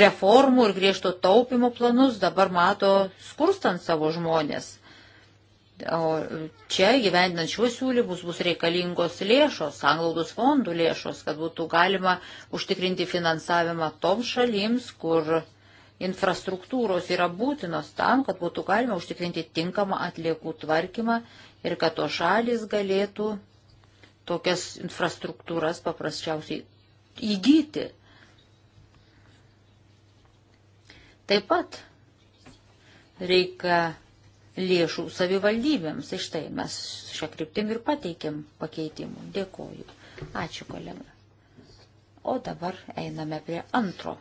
reformų ir griežto taupimo planus, dabar mato skurstant savo žmonės. O čia gyvendinant šiuos siūlymus bus reikalingos lėšos, sanglaudos fondų lėšos, kad būtų galima užtikrinti finansavimą toms šalims, kur infrastruktūros yra būtinos tam, kad būtų galima užtikrinti tinkamą atliekų tvarkymą ir kad to šalis galėtų tokias infrastruktūras paprasčiausiai įgyti. Taip pat reikia lėšų savivaldybėms. Iš tai mes šią kryptim ir pateikėm pakeitimų. Dėkoju. Ačiū, kolega. O dabar einame prie antro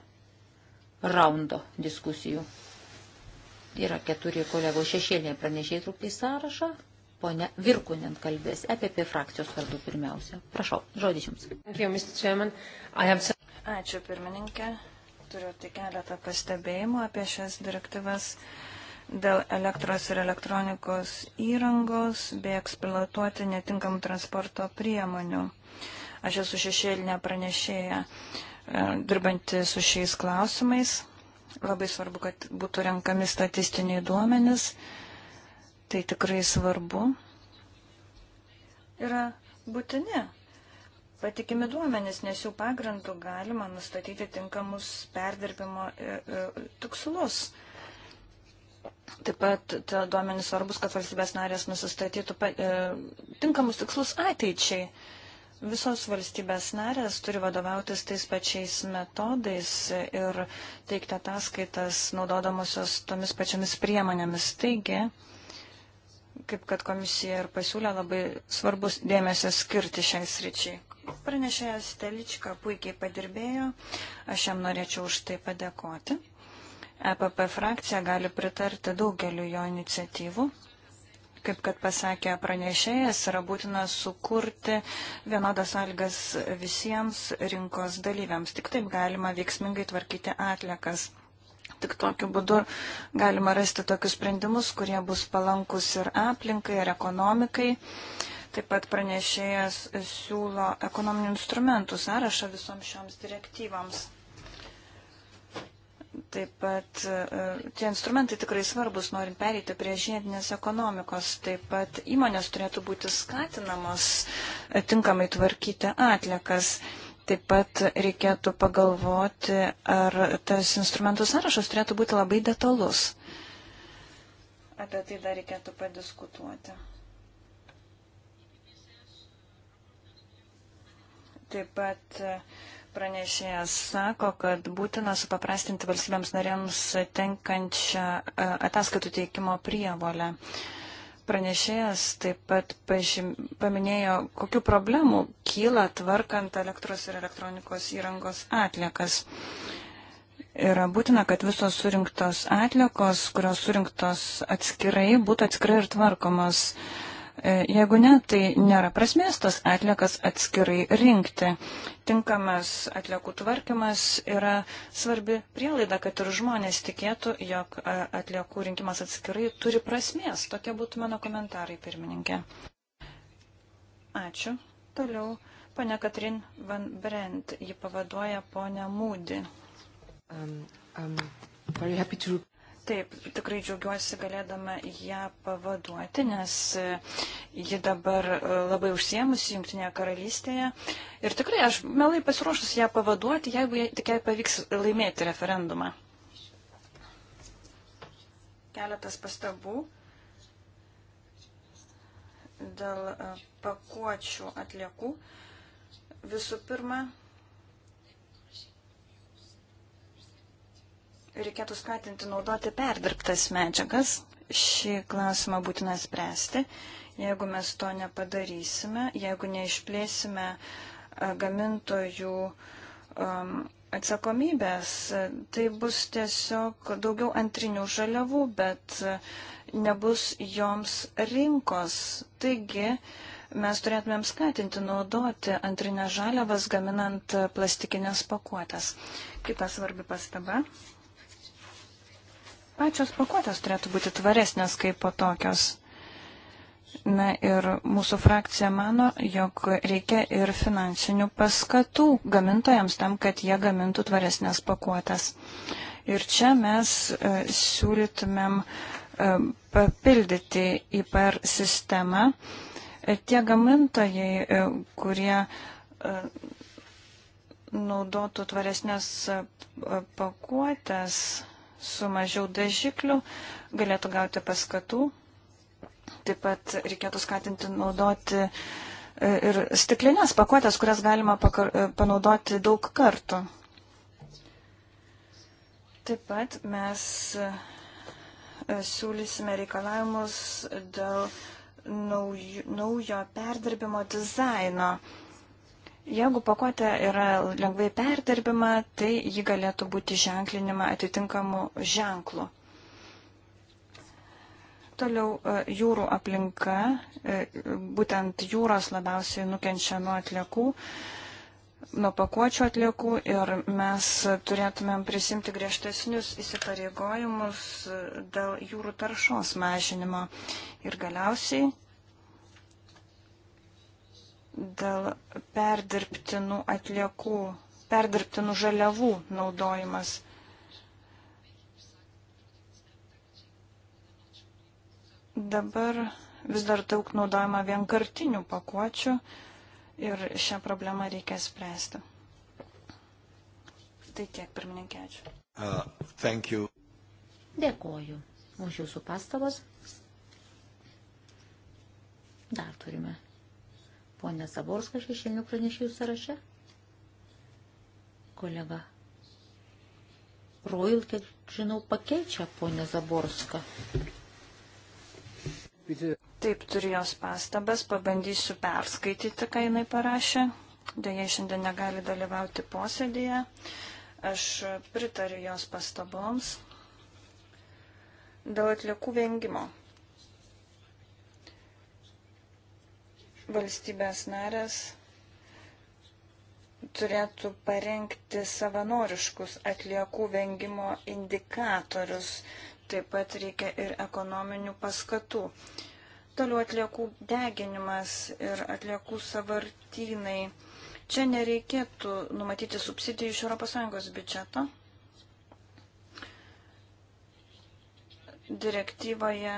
raundo diskusijų. Yra keturi kolegų šešėlė pranešiai trūkti sąrašą. Pone Virkunen kalbės EPP frakcijos vardu pirmiausia. Prašau, žodis jums. Ačiū, pirmininkė. Turiu tik keletą pastebėjimų apie šias direktyvas. Uh, dėl elektros ir elektronikos įrangos bei eksploatuoti netinkamų transporto priemonių. Aš esu šešėlinė pranešėja e, dirbanti su šiais klausimais. Labai svarbu, kad būtų renkami statistiniai duomenys. Tai tikrai svarbu. Yra būtini patikimi duomenys, nes jų pagrindų galima nustatyti tinkamus perdirbimo e, e, tikslus. Taip pat tie duomenys svarbus, kad valstybės narės nusistatytų e, tinkamus tikslus ateičiai. Visos valstybės narės turi vadovautis tais pačiais metodais ir teikti ataskaitas naudodamosios tomis pačiamis priemonėmis. Taigi, kaip kad komisija ir pasiūlė, labai svarbus dėmesio skirti šiai sričiai. Pranešėjas Telička puikiai padirbėjo, aš jam norėčiau už tai padėkoti. EPP frakcija gali pritarti daugeliu jo iniciatyvų. Kaip kad pasakė pranešėjas, yra būtina sukurti vienodas sąlygas visiems rinkos dalyviams. Tik taip galima veiksmingai tvarkyti atlikas. Tik tokiu būdu galima rasti tokius sprendimus, kurie bus palankus ir aplinkai, ir ekonomikai. Taip pat pranešėjas siūlo ekonominių instrumentų sąrašą visoms šioms direktyvams. Taip pat e, tie instrumentai tikrai svarbus, norint pereiti prie žiedinės ekonomikos. Taip pat įmonės turėtų būti skatinamos e, tinkamai tvarkyti atliekas. Taip pat reikėtų pagalvoti, ar tas instrumentų sąrašas turėtų būti labai detalus. Apie tai dar reikėtų padiskutuoti. Taip pat uh, Pranešėjas sako, kad būtina supaprastinti valstybėms narėms tenkančią e, ataskaitų teikimo prievolę. Pranešėjas taip pat pažym, paminėjo, kokiu problemu kyla tvarkant elektros ir elektronikos įrangos atliekas. Yra būtina, kad visos surinktos atliekos, kurios surinktos atskirai, būtų atskirai ir tvarkomos. Uh, E, jeigu ne, tai nėra prasmės tas atliekas atskirai rinkti. Tinkamas atliekų tvarkymas yra svarbi prielaida, kad ir žmonės tikėtų, jog e, atliekų rinkimas atskirai turi prasmės. Tokie būtų mano komentarai, pirmininkė. Ačiū. Toliau, ponia Katrin Van Brent, ji pavaduoja ponia Mūdį. Um, um, to... Taip, tikrai džiaugiuosi galėdama ją pavaduoti, nes ji dabar e, labai užsiemusi Junktinėje karalystėje. Ir tikrai aš melai pasiruošus ją pavaduoti, jeigu tik jai pavyks laimėti referendumą. Keletas pastabų dėl e, pakuočių atliekų. Visų pirma, Reikėtų skatinti naudoti perdirbtas medžiagas. Šį klausimą būtina spręsti. Jeigu mes to nepadarysime, jeigu neišplėsime e, gamintojų um, atsakomybės, tai bus tiesiog daugiau antrinių žaliavų, bet e, nebus joms rinkos. Taigi, uh, mes turėtumėm skatinti naudoti antrinės žaliavas, gaminant e, plastikinės pakuotės. Kita svarbi pastaba pačios pakuotės turėtų būti tvaresnės kaip po tokios. Na ir mūsų frakcija mano, jog reikia ir finansinių paskatų gamintojams tam, kad jie gamintų tvaresnės pakuotas. Ir čia mes e, siūlytumėm e, papildyti IPR sistemą. E, tie gamintojai, e, kurie e, naudotų tvaresnės e, pakuotas, su mažiau dažiklių galėtų gauti paskatų. Taip pat reikėtų skatinti naudoti e, ir stiklinės pakuotės, kurias galima e, panaudoti daug kartų. Taip pat mes e, siūlysime reikalavimus dėl naujo, naujo perdirbimo dizaino. Jeigu pakuotė yra lengvai perdirbima, tai ji galėtų būti ženklinima atitinkamu ženklu. Toliau e, jūrų aplinka, e, būtent jūros labiausiai nukenčia nuo atliekų, nuo pakuočių atliekų ir mes turėtumėm prisimti griežtesnius įsipareigojimus e, dėl jūrų taršos mažinimo. Ir galiausiai dėl perdirbtinų atliekų, perdirbtinų žaliavų naudojimas. Dabar vis dar daug naudojama vienkartinių pakuočių ir šią problemą reikia spręsti. Tai tiek, pirmininkė, ačiū. Uh, Dėkoju už jūsų pastabas. Dar turime Pone Zaborska šešėlinių pranešėjų sąraše. Kolega Roil, kiek žinau, pakeičia ponę Zaborską. Taip, turiu jos pastabas, pabandysiu perskaityti, ką jinai parašė. Deja, šiandien negali dalyvauti posėdėje. Aš pritariu jos pastaboms dėl atliekų vengimo. valstybės narės turėtų parengti savanoriškus atliekų vengimo indikatorius, taip pat reikia ir ekonominių paskatų. Toliau atliekų deginimas ir atliekų savartynai. Čia nereikėtų numatyti subsidijų iš ES biudžeto. Direktyvoje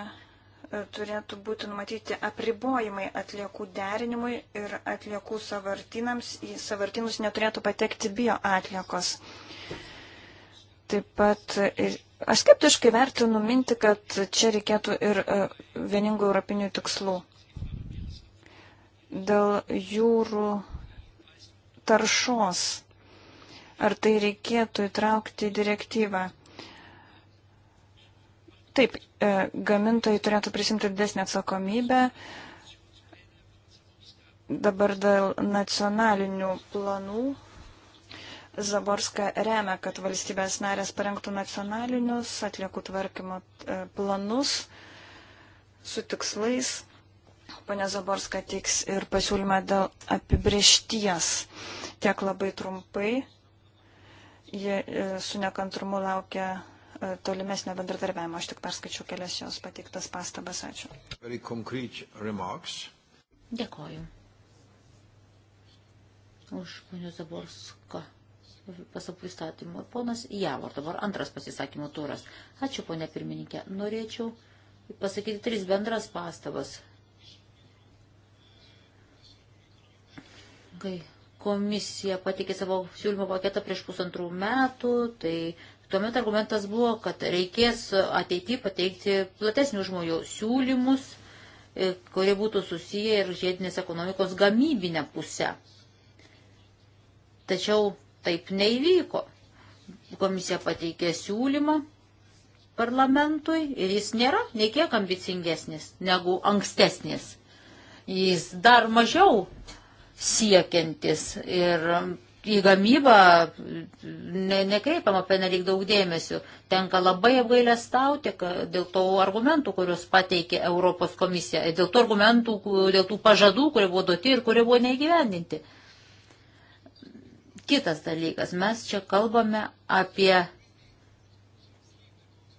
E, turėtų būti numatyti apribojimai atliekų derinimui ir atliekų savartinams. Į savartinus neturėtų patekti bio atliekos. Taip pat e, aš skeptiškai vertinu minti, kad čia reikėtų ir e, vieningų europinių tikslų. Dėl jūrų taršos. Ar tai reikėtų įtraukti direktyvą? Taip, e, gamintojai turėtų prisimti didesnį atsakomybę. Dabar dėl nacionalinių planų. Zaborska remia, kad valstybės narės parengtų nacionalinius atliekų tvarkymo e, planus su tikslais. Pane Zaborska teiks ir pasiūlymą dėl apibriešties. Tiek labai trumpai. Ji e, su nekantrumu laukia tolimesnio bendradarbiavimo. Aš tik perskaičiu kelias jos pateiktas pastabas. Ačiū. Dėkoju. Už ponios Zaborsko pasapų pristatymą. Ponas Javor, dabar antras pasisakymų turas. Ačiū, ponė pirmininkė. Norėčiau pasakyti tris bendras pastabas. Kai komisija patikė savo siūlymo paketą prieš pusantrų metų, tai Tuomet argumentas buvo, kad reikės ateityje pateikti platesnių žmonių siūlymus, e, kurie būtų susiję ir žiedinės ekonomikos gamybinę pusę. Tačiau taip neįvyko. Komisija pateikė siūlymą parlamentui ir jis nėra nei kiek ambicingesnis negu ankstesnis. Jis dar mažiau siekiantis ir į gamybą ne, nekreipiama penelik daug dėmesio. Tenka labai apgailestauti dėl to argumentų, kuriuos pateikė Europos komisija, dėl to argumentų, dėl tų pažadų, kurie buvo duoti ir kurie buvo neįgyvendinti. Kitas dalykas, mes čia kalbame apie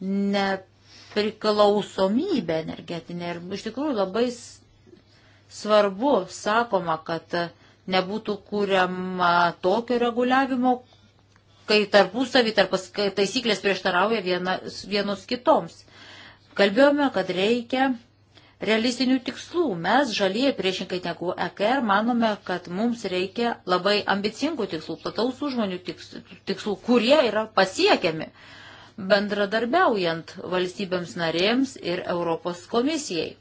nepriklausomybę energetinę ir iš tikrųjų labai svarbu, sakoma, kad uh, nebūtų kūriama tokio reguliavimo, kai tarpusavį tarp taisyklės prieštarauja vienas, vienos kitoms. Kalbėjome, kad reikia realistinių tikslų. Mes žalieji priešinkai negu EKR manome, kad mums reikia labai ambicingų tikslų, plataus užmonių tikslų, kurie yra pasiekiami bendradarbiaujant valstybėms narėms ir Europos komisijai.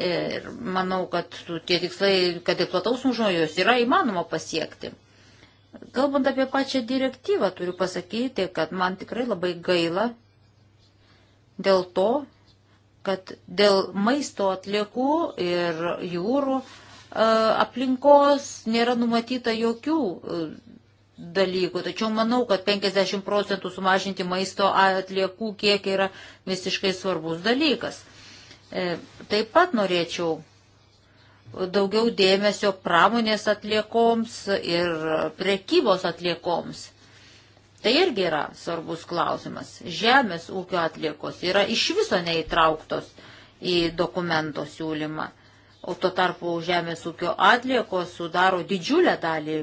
Ir manau, kad tie tikslai, kad ir plataus užmojus yra įmanoma pasiekti. Kalbant apie pačią direktyvą, turiu pasakyti, kad man tikrai labai gaila dėl to, kad dėl maisto atliekų ir jūrų e, aplinkos nėra numatyta jokių e, dalykų. Tačiau manau, kad 50 procentų sumažinti maisto atliekų kiek yra visiškai svarbus dalykas. E, taip pat norėčiau daugiau dėmesio pramonės atliekoms ir prekybos atliekoms. Tai irgi yra svarbus klausimas. Žemės ūkio atliekos yra iš viso neįtrauktos į dokumento siūlymą. O tuo tarpu žemės ūkio atliekos sudaro didžiulę dalį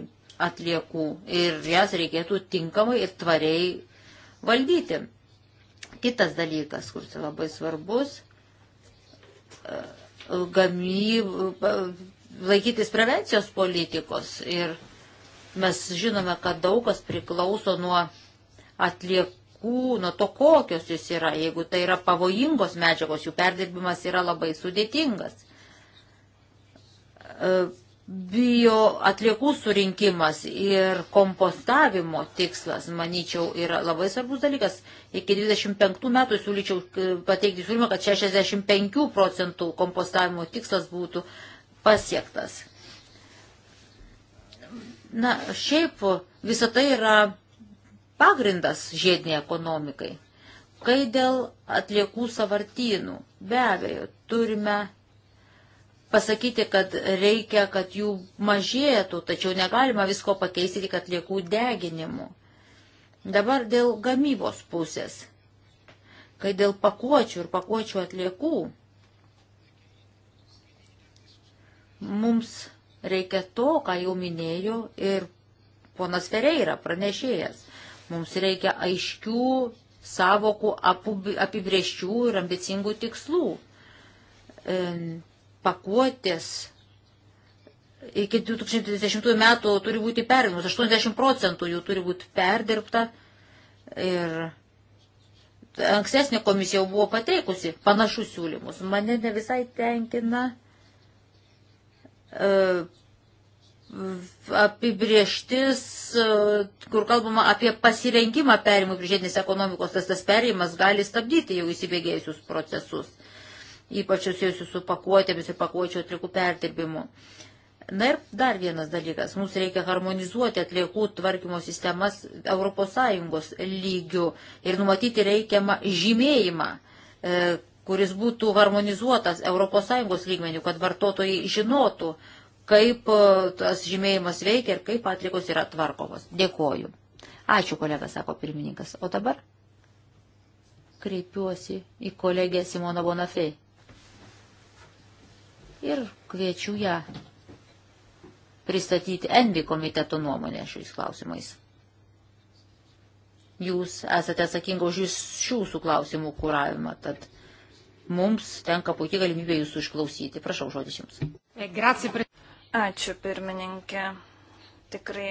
atliekų ir jas reikėtų tinkamai ir tvariai valdyti. Kitas dalykas, kuris labai svarbus, gamyb, laikytis prevencijos politikos. Ir mes žinome, kad daug kas priklauso nuo atliekų, nuo to, kokios jis yra. Jeigu tai yra pavojingos medžiagos, jų perdirbimas yra labai sudėtingas. E, bio atliekų surinkimas ir kompostavimo tikslas, manyčiau, yra labai svarbus dalykas. Iki 25 metų siūlyčiau e, pateikti siūlymą, kad 65 procentų kompostavimo tikslas būtų pasiektas. Na, šiaip visą tai yra pagrindas žiediniai ekonomikai. Kai dėl atliekų savartynų, be abejo, turime pasakyti, kad reikia, kad jų mažėtų, tačiau negalima visko pakeisti tik atliekų deginimu. Dabar dėl gamybos pusės, kai dėl pakuočių ir pakuočių atliekų, mums reikia to, ką jau minėjau ir ponas Fereira pranešėjas. Mums reikia aiškių savokų apibrieščių ir ambicingų tikslų. E, pakuotės iki 2030 metų turi būti perdirbamos, 80 procentų jų turi būti perdirbta ir ankstesnė komisija jau buvo pateikusi panašus siūlymus. Mane ne visai tenkina e, apibrieštis, e, kur kalbama apie pasirengimą perimų prie žiedinės ekonomikos, tas tas perimas gali stabdyti jau įsibėgėjusius procesus ypač susijusių su pakuotėmis ir pakuočių atlikų perdirbimu. Na ir dar vienas dalykas, mums reikia harmonizuoti atliekų tvarkymo sistemas ES lygių ir numatyti reikiamą žymėjimą, e, kuris būtų harmonizuotas ES lygmenių, kad vartotojai žinotų, kaip e, tas žymėjimas veikia ir kaip atlikos yra tvarkomos. Dėkoju. Ačiū, kolega, sako pirmininkas. O dabar kreipiuosi į kolegę Simoną Bonafei ir kviečiu ją pristatyti Envi komiteto nuomonę šiais klausimais. Jūs esate atsakinga už šių su klausimų kūravimą, tad mums tenka puikia galimybė jūsų išklausyti. Prašau, žodis jums. E, Ačiū, pirmininkė. Tikrai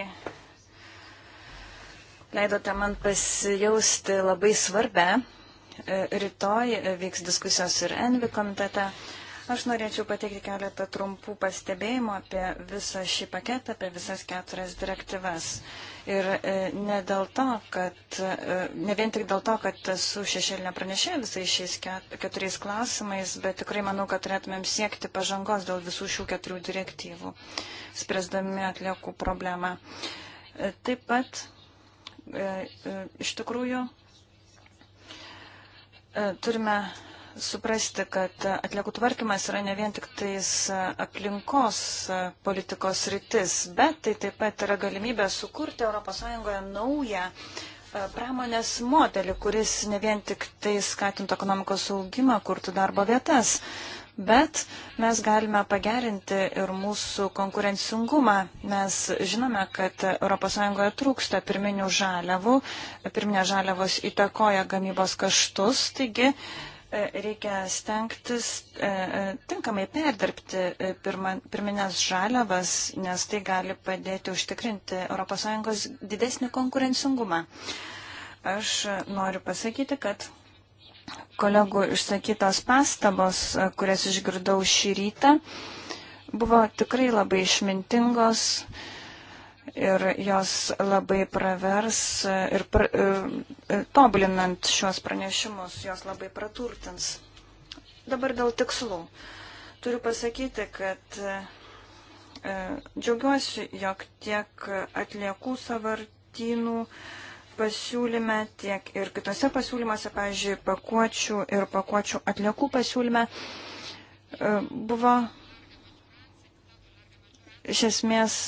leidote man pasijausti labai svarbę. E, rytoj vyks diskusijos ir Envi komitete. Aš norėčiau pateikti keletą trumpų pastebėjimų apie visą šį paketą, apie visas keturias direktyvas. Ir e, ne, dėl to, kad, e, ne vien tik dėl to, kad esu šešėlinė pranešė visais šiais keturiais klausimais, bet tikrai manau, kad turėtumėm siekti pažangos dėl visų šių keturių direktyvų, spręsdami atliekų problemą. E, taip pat iš tikrųjų turime suprasti, kad atliekų tvarkymas yra ne vien tik tais aplinkos politikos rytis, bet tai taip pat yra galimybė sukurti ES naują e, pramonės modelį, kuris ne vien tik tai skatintų ekonomikos augimą, kurtų darbo vietas, bet mes galime pagerinti ir mūsų konkurencingumą. Mes žinome, kad ES trūksta pirminių žaliavų, pirminės žaliavos įtakoja gamybos kaštus, taigi E, reikia stengtis e, e, tinkamai perdirbti pirminės žaliavas, nes tai gali padėti užtikrinti ES didesnį konkurencingumą. Aš noriu pasakyti, kad kolegų išsakytos pastabos, kurias išgirdau šį rytą, buvo tikrai labai išmintingos ir jos labai pravers e, ir, pra, ir e, e, tobulinant šios pranešimus, jos labai praturtins. Dabar dėl tikslų. Turiu pasakyti, kad džiaugiuosi, jog tiek atliekų savartynų pasiūlyme, tiek ir kitose pasiūlymuose, pavyzdžiui, pakuočių ir pakuočių atliekų pasiūlyme buvo iš esmės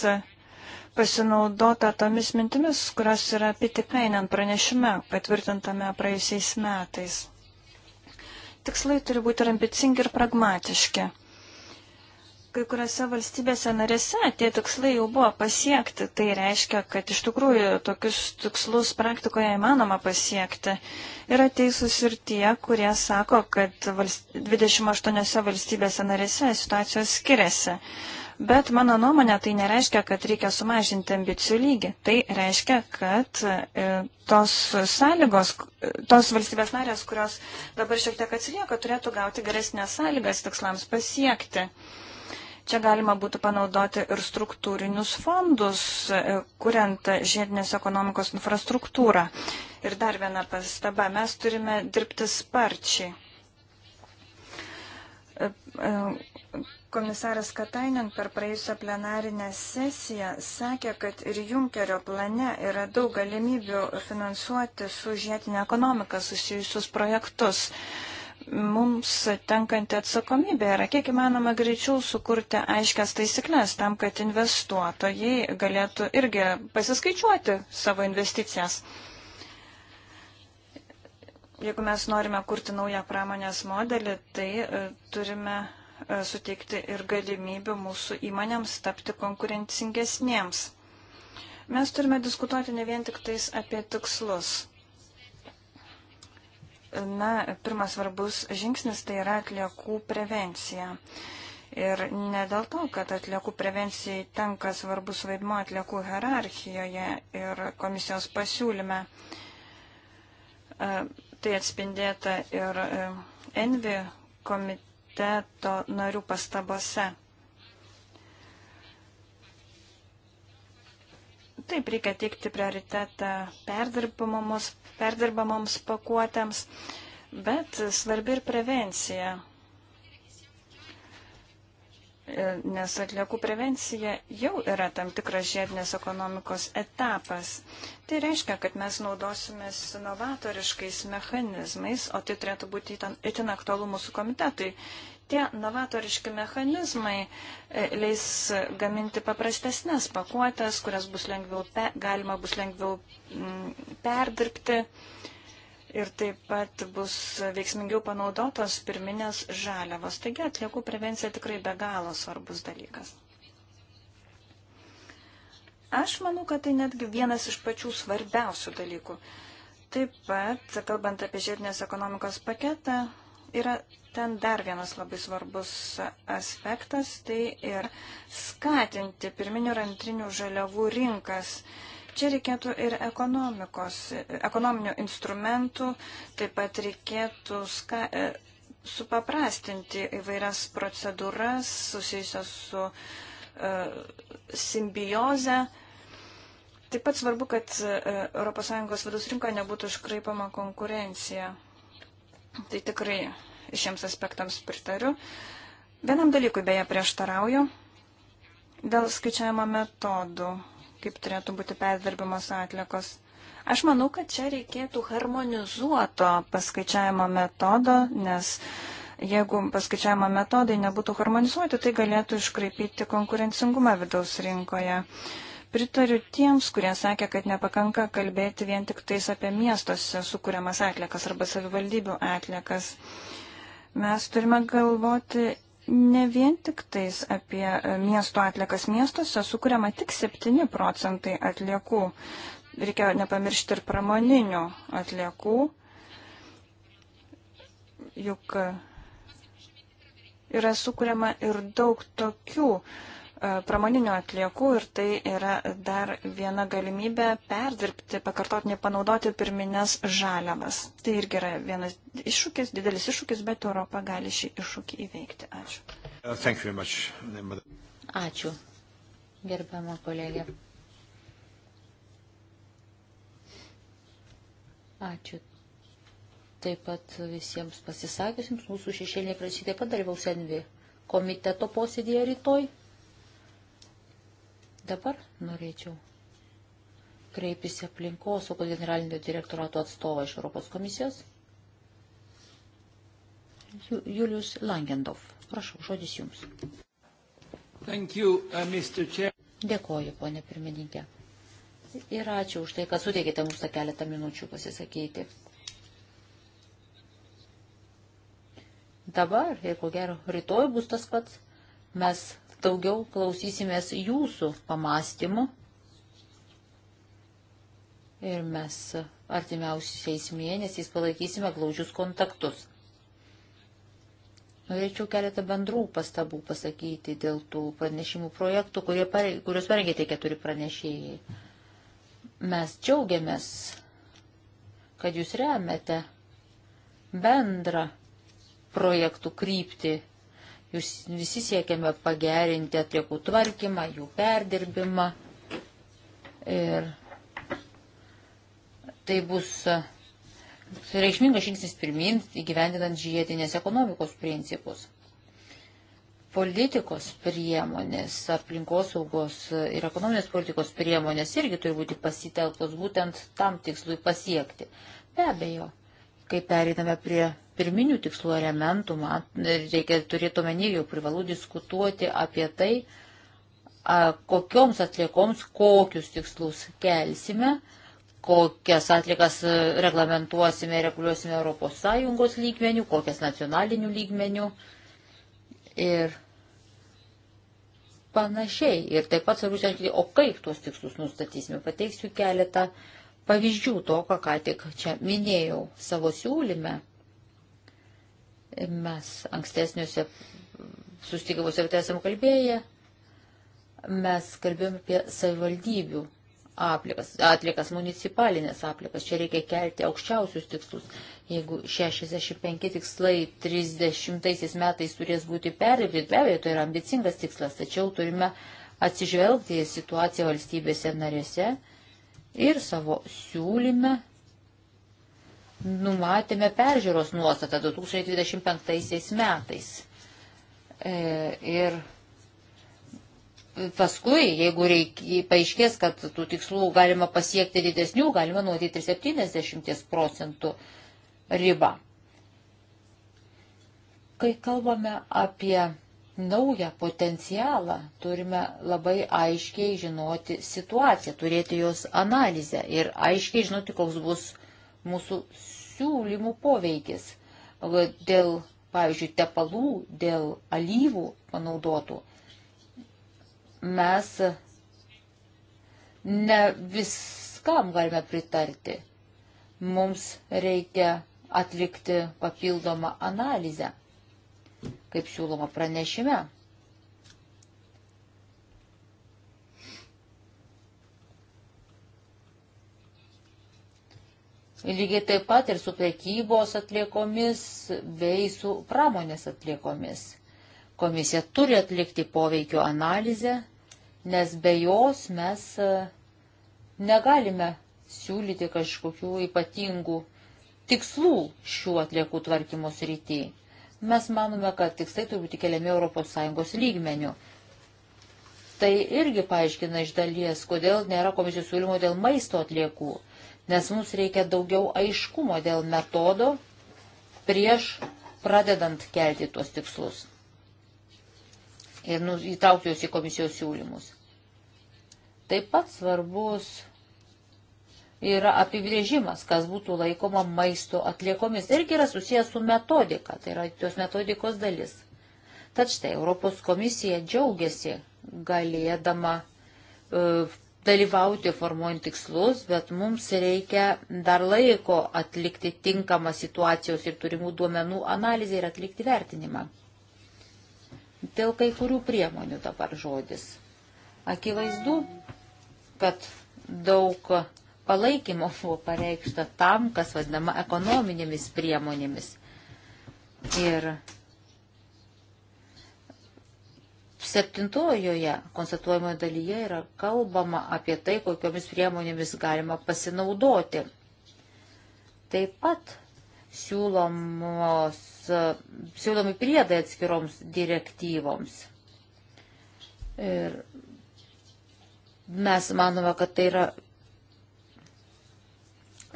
pasinaudota tomis mintimis, kurios yra pitikainant pranešime, patvirtintame praėjusiais metais. Tikslai turi būti ir ambicingi ir pragmatiški. Kai kuriuose valstybėse narėse tie tikslai jau buvo pasiekti, tai reiškia, kad iš tikrųjų tokius tikslus praktikoje įmanoma pasiekti. Yra teisūs ir tie, kurie sako, kad 28 valstybėse narėse situacijos skiriasi. Bet mano nuomonė tai nereiškia, kad reikia sumažinti ambicijų lygį. Tai reiškia, kad e, tos sąlygos, e, tos valstybės narės, kurios dabar šiek tiek atsilieka, turėtų gauti geresnės sąlygas tikslams pasiekti. Čia galima būtų panaudoti ir struktūrinius fondus, e, kuriant žiedinės ekonomikos infrastruktūrą. Ir dar viena pastaba, mes turime dirbti sparčiai Komisaras Katainen per praėjusią plenarinę sesiją sakė, kad ir Junkerio plane yra daug galimybių finansuoti su žietinė ekonomika susijusius projektus. Mums tenkanti atsakomybė yra kiek įmanoma greičiau sukurti aiškias taisyklės tam, kad investuotojai galėtų irgi pasiskaičiuoti savo investicijas jeigu mes norime kurti naują pramonės modelį, tai e, turime E, suteikti ir galimybių mūsų įmonėms tapti konkurencingesniems. Mes turime diskutuoti ne vien tik tais apie tikslus. Na, pirmas svarbus žingsnis tai yra atliekų prevencija. Ir ne dėl to, kad atliekų prevencijai tenka svarbus vaidmo atliekų hierarchijoje ir komisijos pasiūlyme. E, tai atspindėta ir e, Envi komite komiteto narių pastabose. Taip, reikia teikti prioritetą perdirbamoms pakuotėms, bet svarbi ir prevencija. E, nes atliekų prevencija jau yra tam tikras žiedinės ekonomikos etapas. Tai reiškia, kad mes naudosimės novatoriškais mechanizmais, o tai turėtų būti itin aktualu mūsų komitetui. Tie novatoriški mechanizmai e, leis gaminti paprastesnės pakuotės, kurias bus lengviau, pe, galima bus lengviau m, mm, perdirbti. M, ir taip pat bus veiksmingiau panaudotos pirminės žaliavos. Taigi atliekų prevencija tikrai be galo svarbus dalykas. Aš manau, kad tai netgi vienas iš pačių svarbiausių dalykų. Taip pat, kalbant apie žiedinės ekonomikos paketą, yra ten dar vienas labai svarbus aspektas, tai ir skatinti pirminių ir antrinių žaliavų rinkas. Uh, Čia reikėtų ir ekonominių instrumentų, taip pat reikėtų ska, e, supaprastinti įvairias procedūras susijusios su uh, e, simbioze. Taip pat svarbu, kad ES vidus rinkoje nebūtų iškraipama konkurencija. Tai tikrai šiems aspektams pritariu. Vienam dalykui beje prieštarauju dėl skaičiavimo metodų kaip turėtų būti perdirbimos atlikos. Aš manau, kad čia reikėtų harmonizuoto paskaičiavimo metodo, nes jeigu paskaičiavimo metodai nebūtų harmonizuoti, tai galėtų iškraipyti konkurencingumą vidaus rinkoje. Pritariu tiems, kurie sakė, kad nepakanka kalbėti vien tik tais apie miestuose sukūriamas atlikas arba savivaldybių atlikas. Mes turime galvoti ne vien tik tais apie e, miesto atlikas miestuose sukūriama tik 7 procentai atliekų. Reikia nepamiršti ir pramoninių atliekų. Juk e, yra sukūriama ir daug tokių uh, pramoninių atliekų ir tai yra dar viena galimybė perdirbti, pakartotinai panaudoti pirminės žaliavas. Tai irgi yra vienas iššūkis, didelis iššūkis, bet Europa gali šį iššūkį įveikti. Ačiū. Uh, Ačiū, gerbiama kolegė. Ačiū taip pat visiems pasisakysiams. Mūsų šešėlė prasidė, taip pat dalyvaus NV komiteto posėdėje rytoj. Dabar norėčiau kreiptis aplinkosaugos generalinio direktorato atstovą iš Europos komisijos. Julius Langendorf. Prašau, žodis jums. Thank you, uh, Dėkoju, ponė pirmininkė. Ir ačiū už tai, kad suteikite mums tą keletą minučių pasisakyti. Dabar, ir ko gero, rytoj bus tas pats, mes daugiau klausysimės jūsų pamastymų. Ir mes artimiausiais mėnesiais palaikysime glaudžius kontaktus. Norėčiau keletą bendrų pastabų pasakyti dėl tų pranešimų projektų, pare, kuriuos parengė tie keturi pranešėjai. Mes džiaugiamės, kad jūs remiate bendrą projektų kryptį Jūs visi siekiame pagerinti atliekų tvarkymą, jų perdirbimą. Ir tai bus reikšmingas žingsnis pirmin įgyvendinant žiedinės ekonomikos principus. Politikos priemonės, aplinkosaugos ir ekonominės politikos priemonės irgi turi būti pasitelktos būtent tam tikslui pasiekti. Be abejo, kai pereiname prie pirminių tikslų elementų, man reikia turėti omeny, jau privalu diskutuoti apie tai, a, kokioms atliekoms kokius tikslus kelsime, kokias atliekas e, reglamentuosime ir reguliuosime ES lygmenių, kokias nacionalinių lygmenių ir panašiai. Ir taip pat svarbu išsiaiškinti, o kaip tuos tikslus nustatysime. Pateiksiu keletą pavyzdžių to, ką ką tik čia minėjau savo siūlyme. Mes ankstesniuose sustikimuose ir tai esam kalbėję, mes kalbėjom apie savivaldybių aplikas, atlikas, municipalinės aplikas. Čia reikia kelti aukščiausius tikslus. Jeigu 65 tikslai 30 metais turės būti perdirbti, be abejo, tai yra ambicingas tikslas, tačiau turime atsižvelgti į situaciją valstybėse narėse ir savo siūlyme numatėme peržiūros nuostatą 2025 metais. E, ir paskui, jeigu reikia, paaiškės, kad tų tikslų galima pasiekti didesnių, galima nuodyti 70 procentų ribą. Kai kalbame apie naują potencialą, turime labai aiškiai žinoti situaciją, turėti jos analizę ir aiškiai žinoti, koks bus mūsų siūlymų poveikis dėl, pavyzdžiui, tepalų, dėl alyvų panaudotų. Mes ne viskam galime pritarti. Mums reikia atlikti papildomą analizę, kaip siūloma pranešime. lygiai taip pat ir su prekybos atliekomis bei su pramonės atliekomis. Komisija turi atlikti poveikio analizę, nes be jos mes e, negalime siūlyti kažkokių ypatingų tikslų šių atliekų tvarkymo srity. Mes manome, kad tikslai turi būti keliami ES lygmenių. Tai irgi paaiškina iš dalies, kodėl nėra komisijos siūlymo dėl maisto atliekų nes mums reikia daugiau aiškumo dėl metodo prieš pradedant kelti tuos tikslus ir nu, įtraukti juos į komisijos siūlymus. Taip pat svarbus yra apibrėžimas, kas būtų laikoma maisto atliekomis. Irgi yra susijęs su metodika, tai yra tos metodikos dalis. Tad štai Europos komisija džiaugiasi galėdama e, dalyvauti formuojant tikslus, bet mums reikia dar laiko atlikti tinkamą situacijos ir turimų duomenų analizę ir atlikti vertinimą. Dėl kai kurių priemonių dabar žodis. Akivaizdu, kad daug palaikymo buvo pareikšta tam, kas vadinama ekonominėmis priemonėmis. Ir Septintojoje konstatuojamoje dalyje yra kalbama apie tai, kokiomis priemonėmis galima pasinaudoti. Taip pat siūlomos, siūlomi priedai atskiroms direktyvoms. Ir mes manome, kad tai yra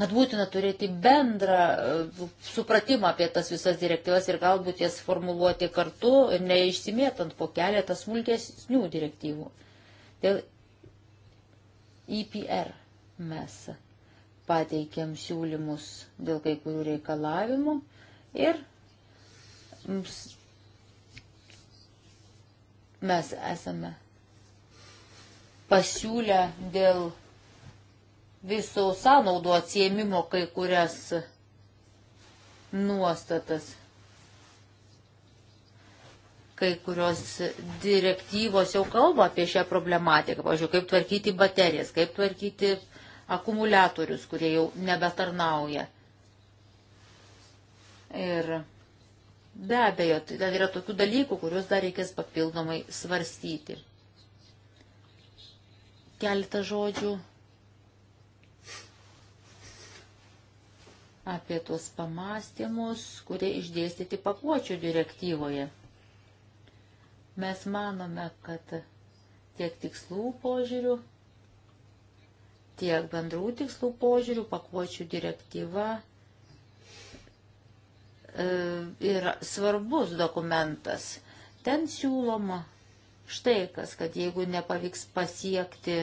kad būtina turėti bendrą e, supratimą apie tas visas direktyvas ir galbūt jas formuluoti kartu, neišsimėtant po keletą smulkesnių direktyvų. Dėl IPR e mes pateikėm siūlymus dėl kai kurių reikalavimų ir mes esame pasiūlę dėl visų sąnaudų atsiemimo kai kurias nuostatas. Kai kurios direktyvos jau kalba apie šią problematiką, pavyzdžiui, kaip tvarkyti baterijas, kaip tvarkyti akumuliatorius, kurie jau nebetarnauja. Ir be abejo, tai yra tokių dalykų, kuriuos dar reikės papildomai svarstyti. Keletą žodžių apie tuos pamastymus, kurie išdėstyti pakuočių direktyvoje. Mes manome, kad tiek tikslų požiūrių, tiek bendrų tikslų požiūrių pakuočių direktyva e, yra svarbus dokumentas. Ten siūloma štai kas, kad jeigu nepavyks pasiekti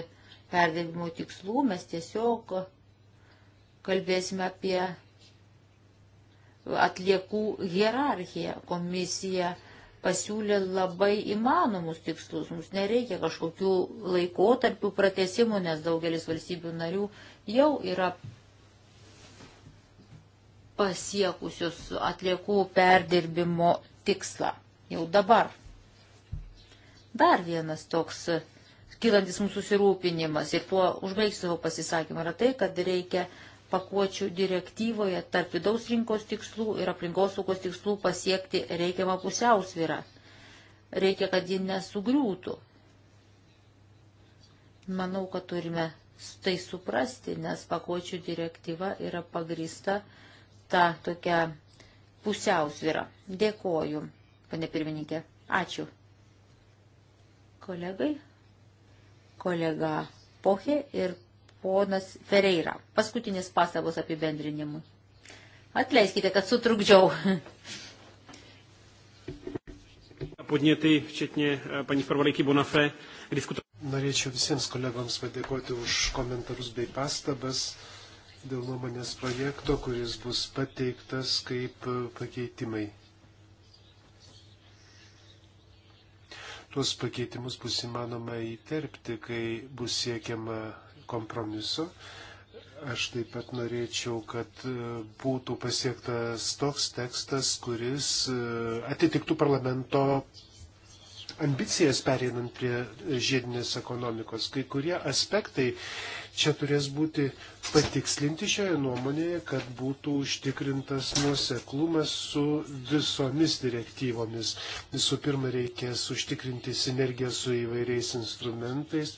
perdėvimo tikslų, mes tiesiog kalbėsime apie atliekų hierarchija. Komisija pasiūlė labai įmanomus tikslus. Mums nereikia kažkokių laikotarpių pratesimų, nes daugelis valstybių narių jau yra pasiekusius atliekų perdirbimo tikslą. Jau dabar. Dar vienas toks kilantis mūsų susirūpinimas ir tuo užbaigsiu savo pasisakymą yra tai, kad reikia pakuočių direktyvoje tarp vidaus rinkos tikslų ir aplinkosaugos tikslų pasiekti reikiamą pusiausvyrą. Reikia, kad ji nesugriūtų. Manau, kad turime tai suprasti, nes pakuočių direktyva yra pagrįsta ta tokia pusiausvyrą. Dėkoju, pane pirmininkė. Ačiū. Kolegai, kolega Pochė ir ponas Ferreira. Paskutinis pastabos apibendrinimui. Atleiskite, kad sutrukdžiau. Podnietai, včetnie eh, paní Farvalaiky Bonafé, diskutuojame. Norėčiau visiems kolegoms padėkoti už komentarus bei pastabas dėl nuomonės projekto, kuris bus pateiktas kaip eh, pakeitimai. Tuos pakeitimus bus įmanoma įterpti, kai bus siekiama kompromisu. Aš taip pat norėčiau, kad e, būtų pasiektas toks tekstas, kuris e, atitiktų parlamento ambicijas pereinant prie žiedinės ekonomikos. Kai kurie aspektai čia turės būti patikslinti šioje nuomonėje, kad būtų užtikrintas nuoseklumas su visomis direktyvomis. Visų pirma, reikės užtikrinti sinergiją su įvairiais instrumentais.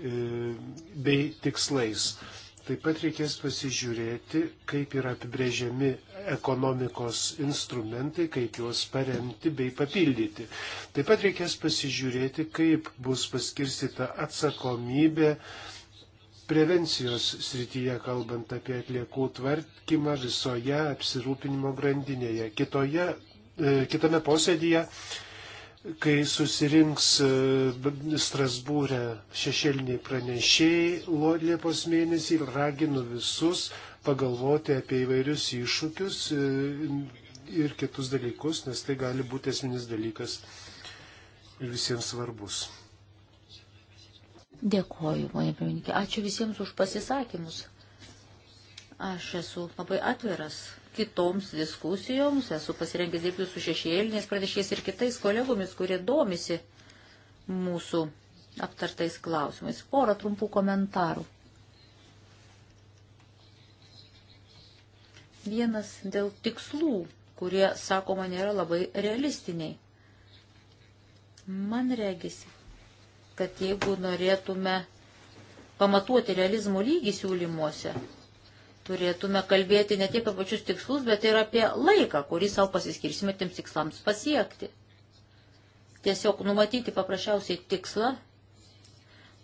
E, bei tikslais. Taip pat reikės pasižiūrėti, kaip yra apibrėžiami ekonomikos instrumentai, kaip juos paremti bei papildyti. Taip pat reikės pasižiūrėti, kaip bus paskirstita atsakomybė prevencijos srityje, kalbant apie atliekų tvarkymą visoje apsirūpinimo grandinėje. Kitoje, e, kitame posėdėje kai susirinks e, Strasbūrė šešėliniai pranešėjai Liepos mėnesį, raginu visus pagalvoti apie įvairius iššūkius e, ir kitus dalykus, nes tai gali būti esminis dalykas ir visiems svarbus. Dėkoju, ponė pirmininkė. Ačiū visiems už pasisakymus. Aš esu labai atviras kitoms diskusijoms, esu pasirengęs dirbti su šešėliniais pranešėjais ir kitais kolegomis, kurie domisi mūsų aptartais klausimais. Porą trumpų komentarų. Vienas dėl tikslų, kurie, sakoma, nėra labai realistiniai. Man regisi, kad jeigu norėtume pamatuoti realizmo lygį siūlymuose, turėtume kalbėti ne tik apie pačius tikslus, bet ir apie laiką, kurį savo pasiskirsime tiems tikslams pasiekti. Tiesiog numatyti paprasčiausiai tikslą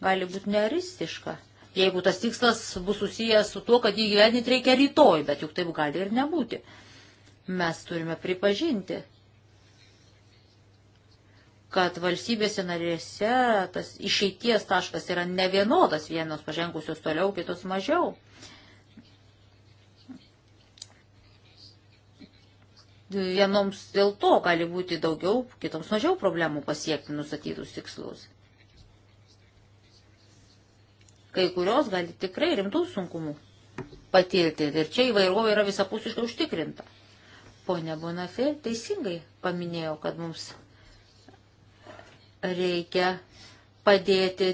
gali būti nearistiška, jeigu tas tikslas bus susijęs su tuo, kad jį gyveninti reikia rytoj, bet juk taip gali ir nebūti. Mes turime pripažinti, kad valstybėse narėse tas išeities taškas yra nevienodas, vienos pažengusios toliau, kitos mažiau. Vienoms dėl to gali būti daugiau, kitoms mažiau problemų pasiekti nustatytus tikslus. Kai kurios gali tikrai rimtų sunkumų patirti ir čia įvairovė yra visapusiškai užtikrinta. Pone Bonafė teisingai paminėjo, kad mums reikia padėti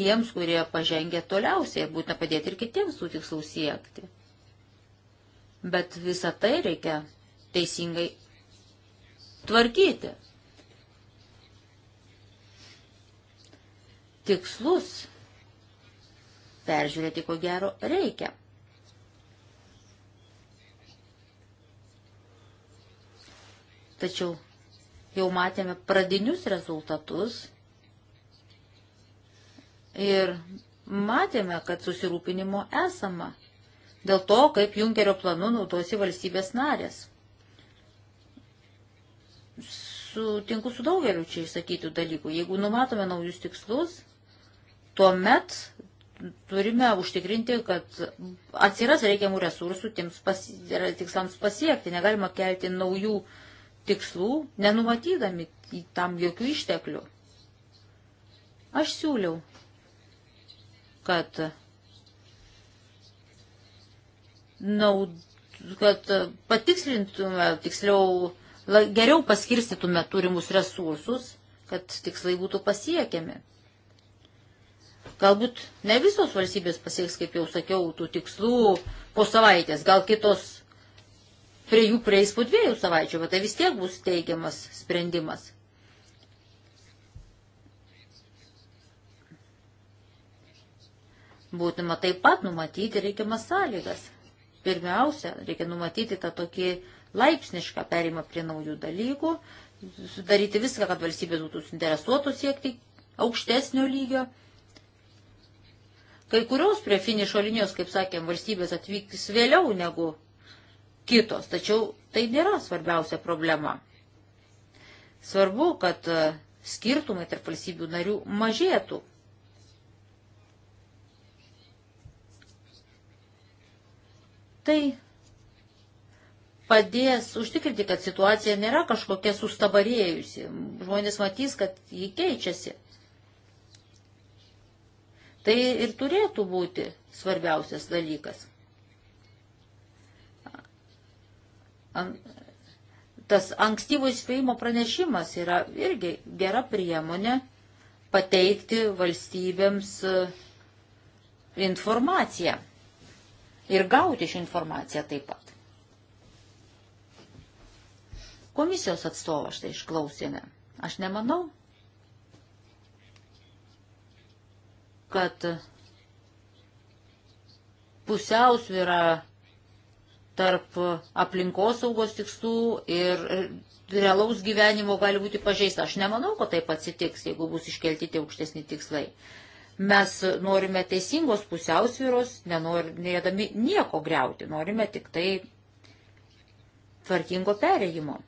tiems, kurie pažengia toliausiai ir būtina padėti ir kitiems tų tikslų siekti. Bet visą tai reikia teisingai tvarkyti. Tikslus peržiūrėti ko gero reikia. Tačiau jau matėme pradinius rezultatus ir matėme, kad susirūpinimo esama dėl to, kaip Junkerio planu naudosi valstybės narės sutinku su daugeliu čia išsakytų dalykų. Jeigu numatome naujus tikslus, tuomet turime užtikrinti, kad atsiras reikiamų resursų tiems pas, tikslams pasiekti. Negalima kelti naujų tikslų, nenumatydami tam jokių išteklių. Aš siūliau, kad, naud, kad patikslintume tiksliau geriau paskirstytume turimus resursus, kad tikslai būtų pasiekiami. Galbūt ne visos valstybės pasieks, kaip jau sakiau, tų tikslų po savaitės, gal kitos prie jų prieis po dviejų savaičių, bet tai vis tiek bus teigiamas sprendimas. Būtima taip pat numatyti reikiamas sąlygas. Pirmiausia, reikia numatyti tą tokį laipsnišką perimą prie naujų dalykų, daryti viską, kad valstybės būtų suinteresuotų siekti aukštesnio lygio. Kai kurios prie finišo linijos, kaip sakėm, valstybės atvyks vėliau negu kitos, tačiau tai nėra svarbiausia problema. Svarbu, kad e, skirtumai tarp valstybių narių mažėtų. Tai padės užtikrinti, kad situacija nėra kažkokia sustabarėjusi. Žmonės matys, kad ji keičiasi. Tai ir turėtų būti svarbiausias dalykas. Tas ankstyvo įspėjimo pranešimas yra irgi gera priemonė pateikti valstybėms e, informaciją ir gauti šią informaciją taip pat. Komisijos atstovą štai išklausėme. Aš nemanau, kad pusiausvyra tarp aplinkosaugos tikslų ir realaus gyvenimo gali būti pažeista. Aš nemanau, kad taip atsitiks, jeigu bus iškelti tie aukštesni tikslai. Mes norime teisingos pusiausvyros, nenorėdami nieko greuti, norime tik tai tvarkingo perėjimo.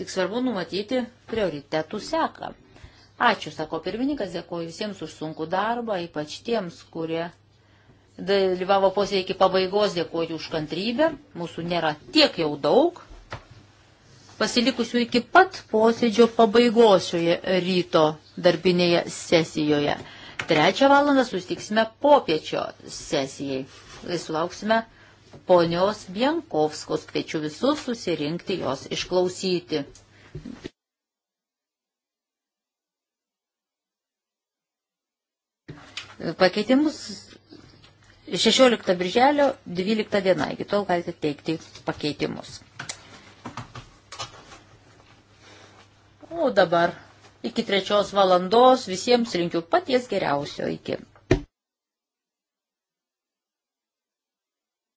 Tik svarbu numatyti prioritetų seką. Ačiū, sako pirmininkas, dėkoju visiems už sunkų darbą, ypač tiems, kurie dalyvavo posėdį iki pabaigos, dėkoju už kantrybę. Mūsų nėra tiek jau daug. Pasilikusių iki pat posėdžio pabaigos šioje ryto darbinėje sesijoje. Trečią valandą susitiksime popiečio sesijai. Sulauksime ponios Bienkovskos. Kviečiu visus susirinkti jos išklausyti. Pakeitimus 16 birželio 12 diena, iki tol galite teikti pakeitimus. O dabar iki trečios valandos visiems linkiu paties geriausio iki.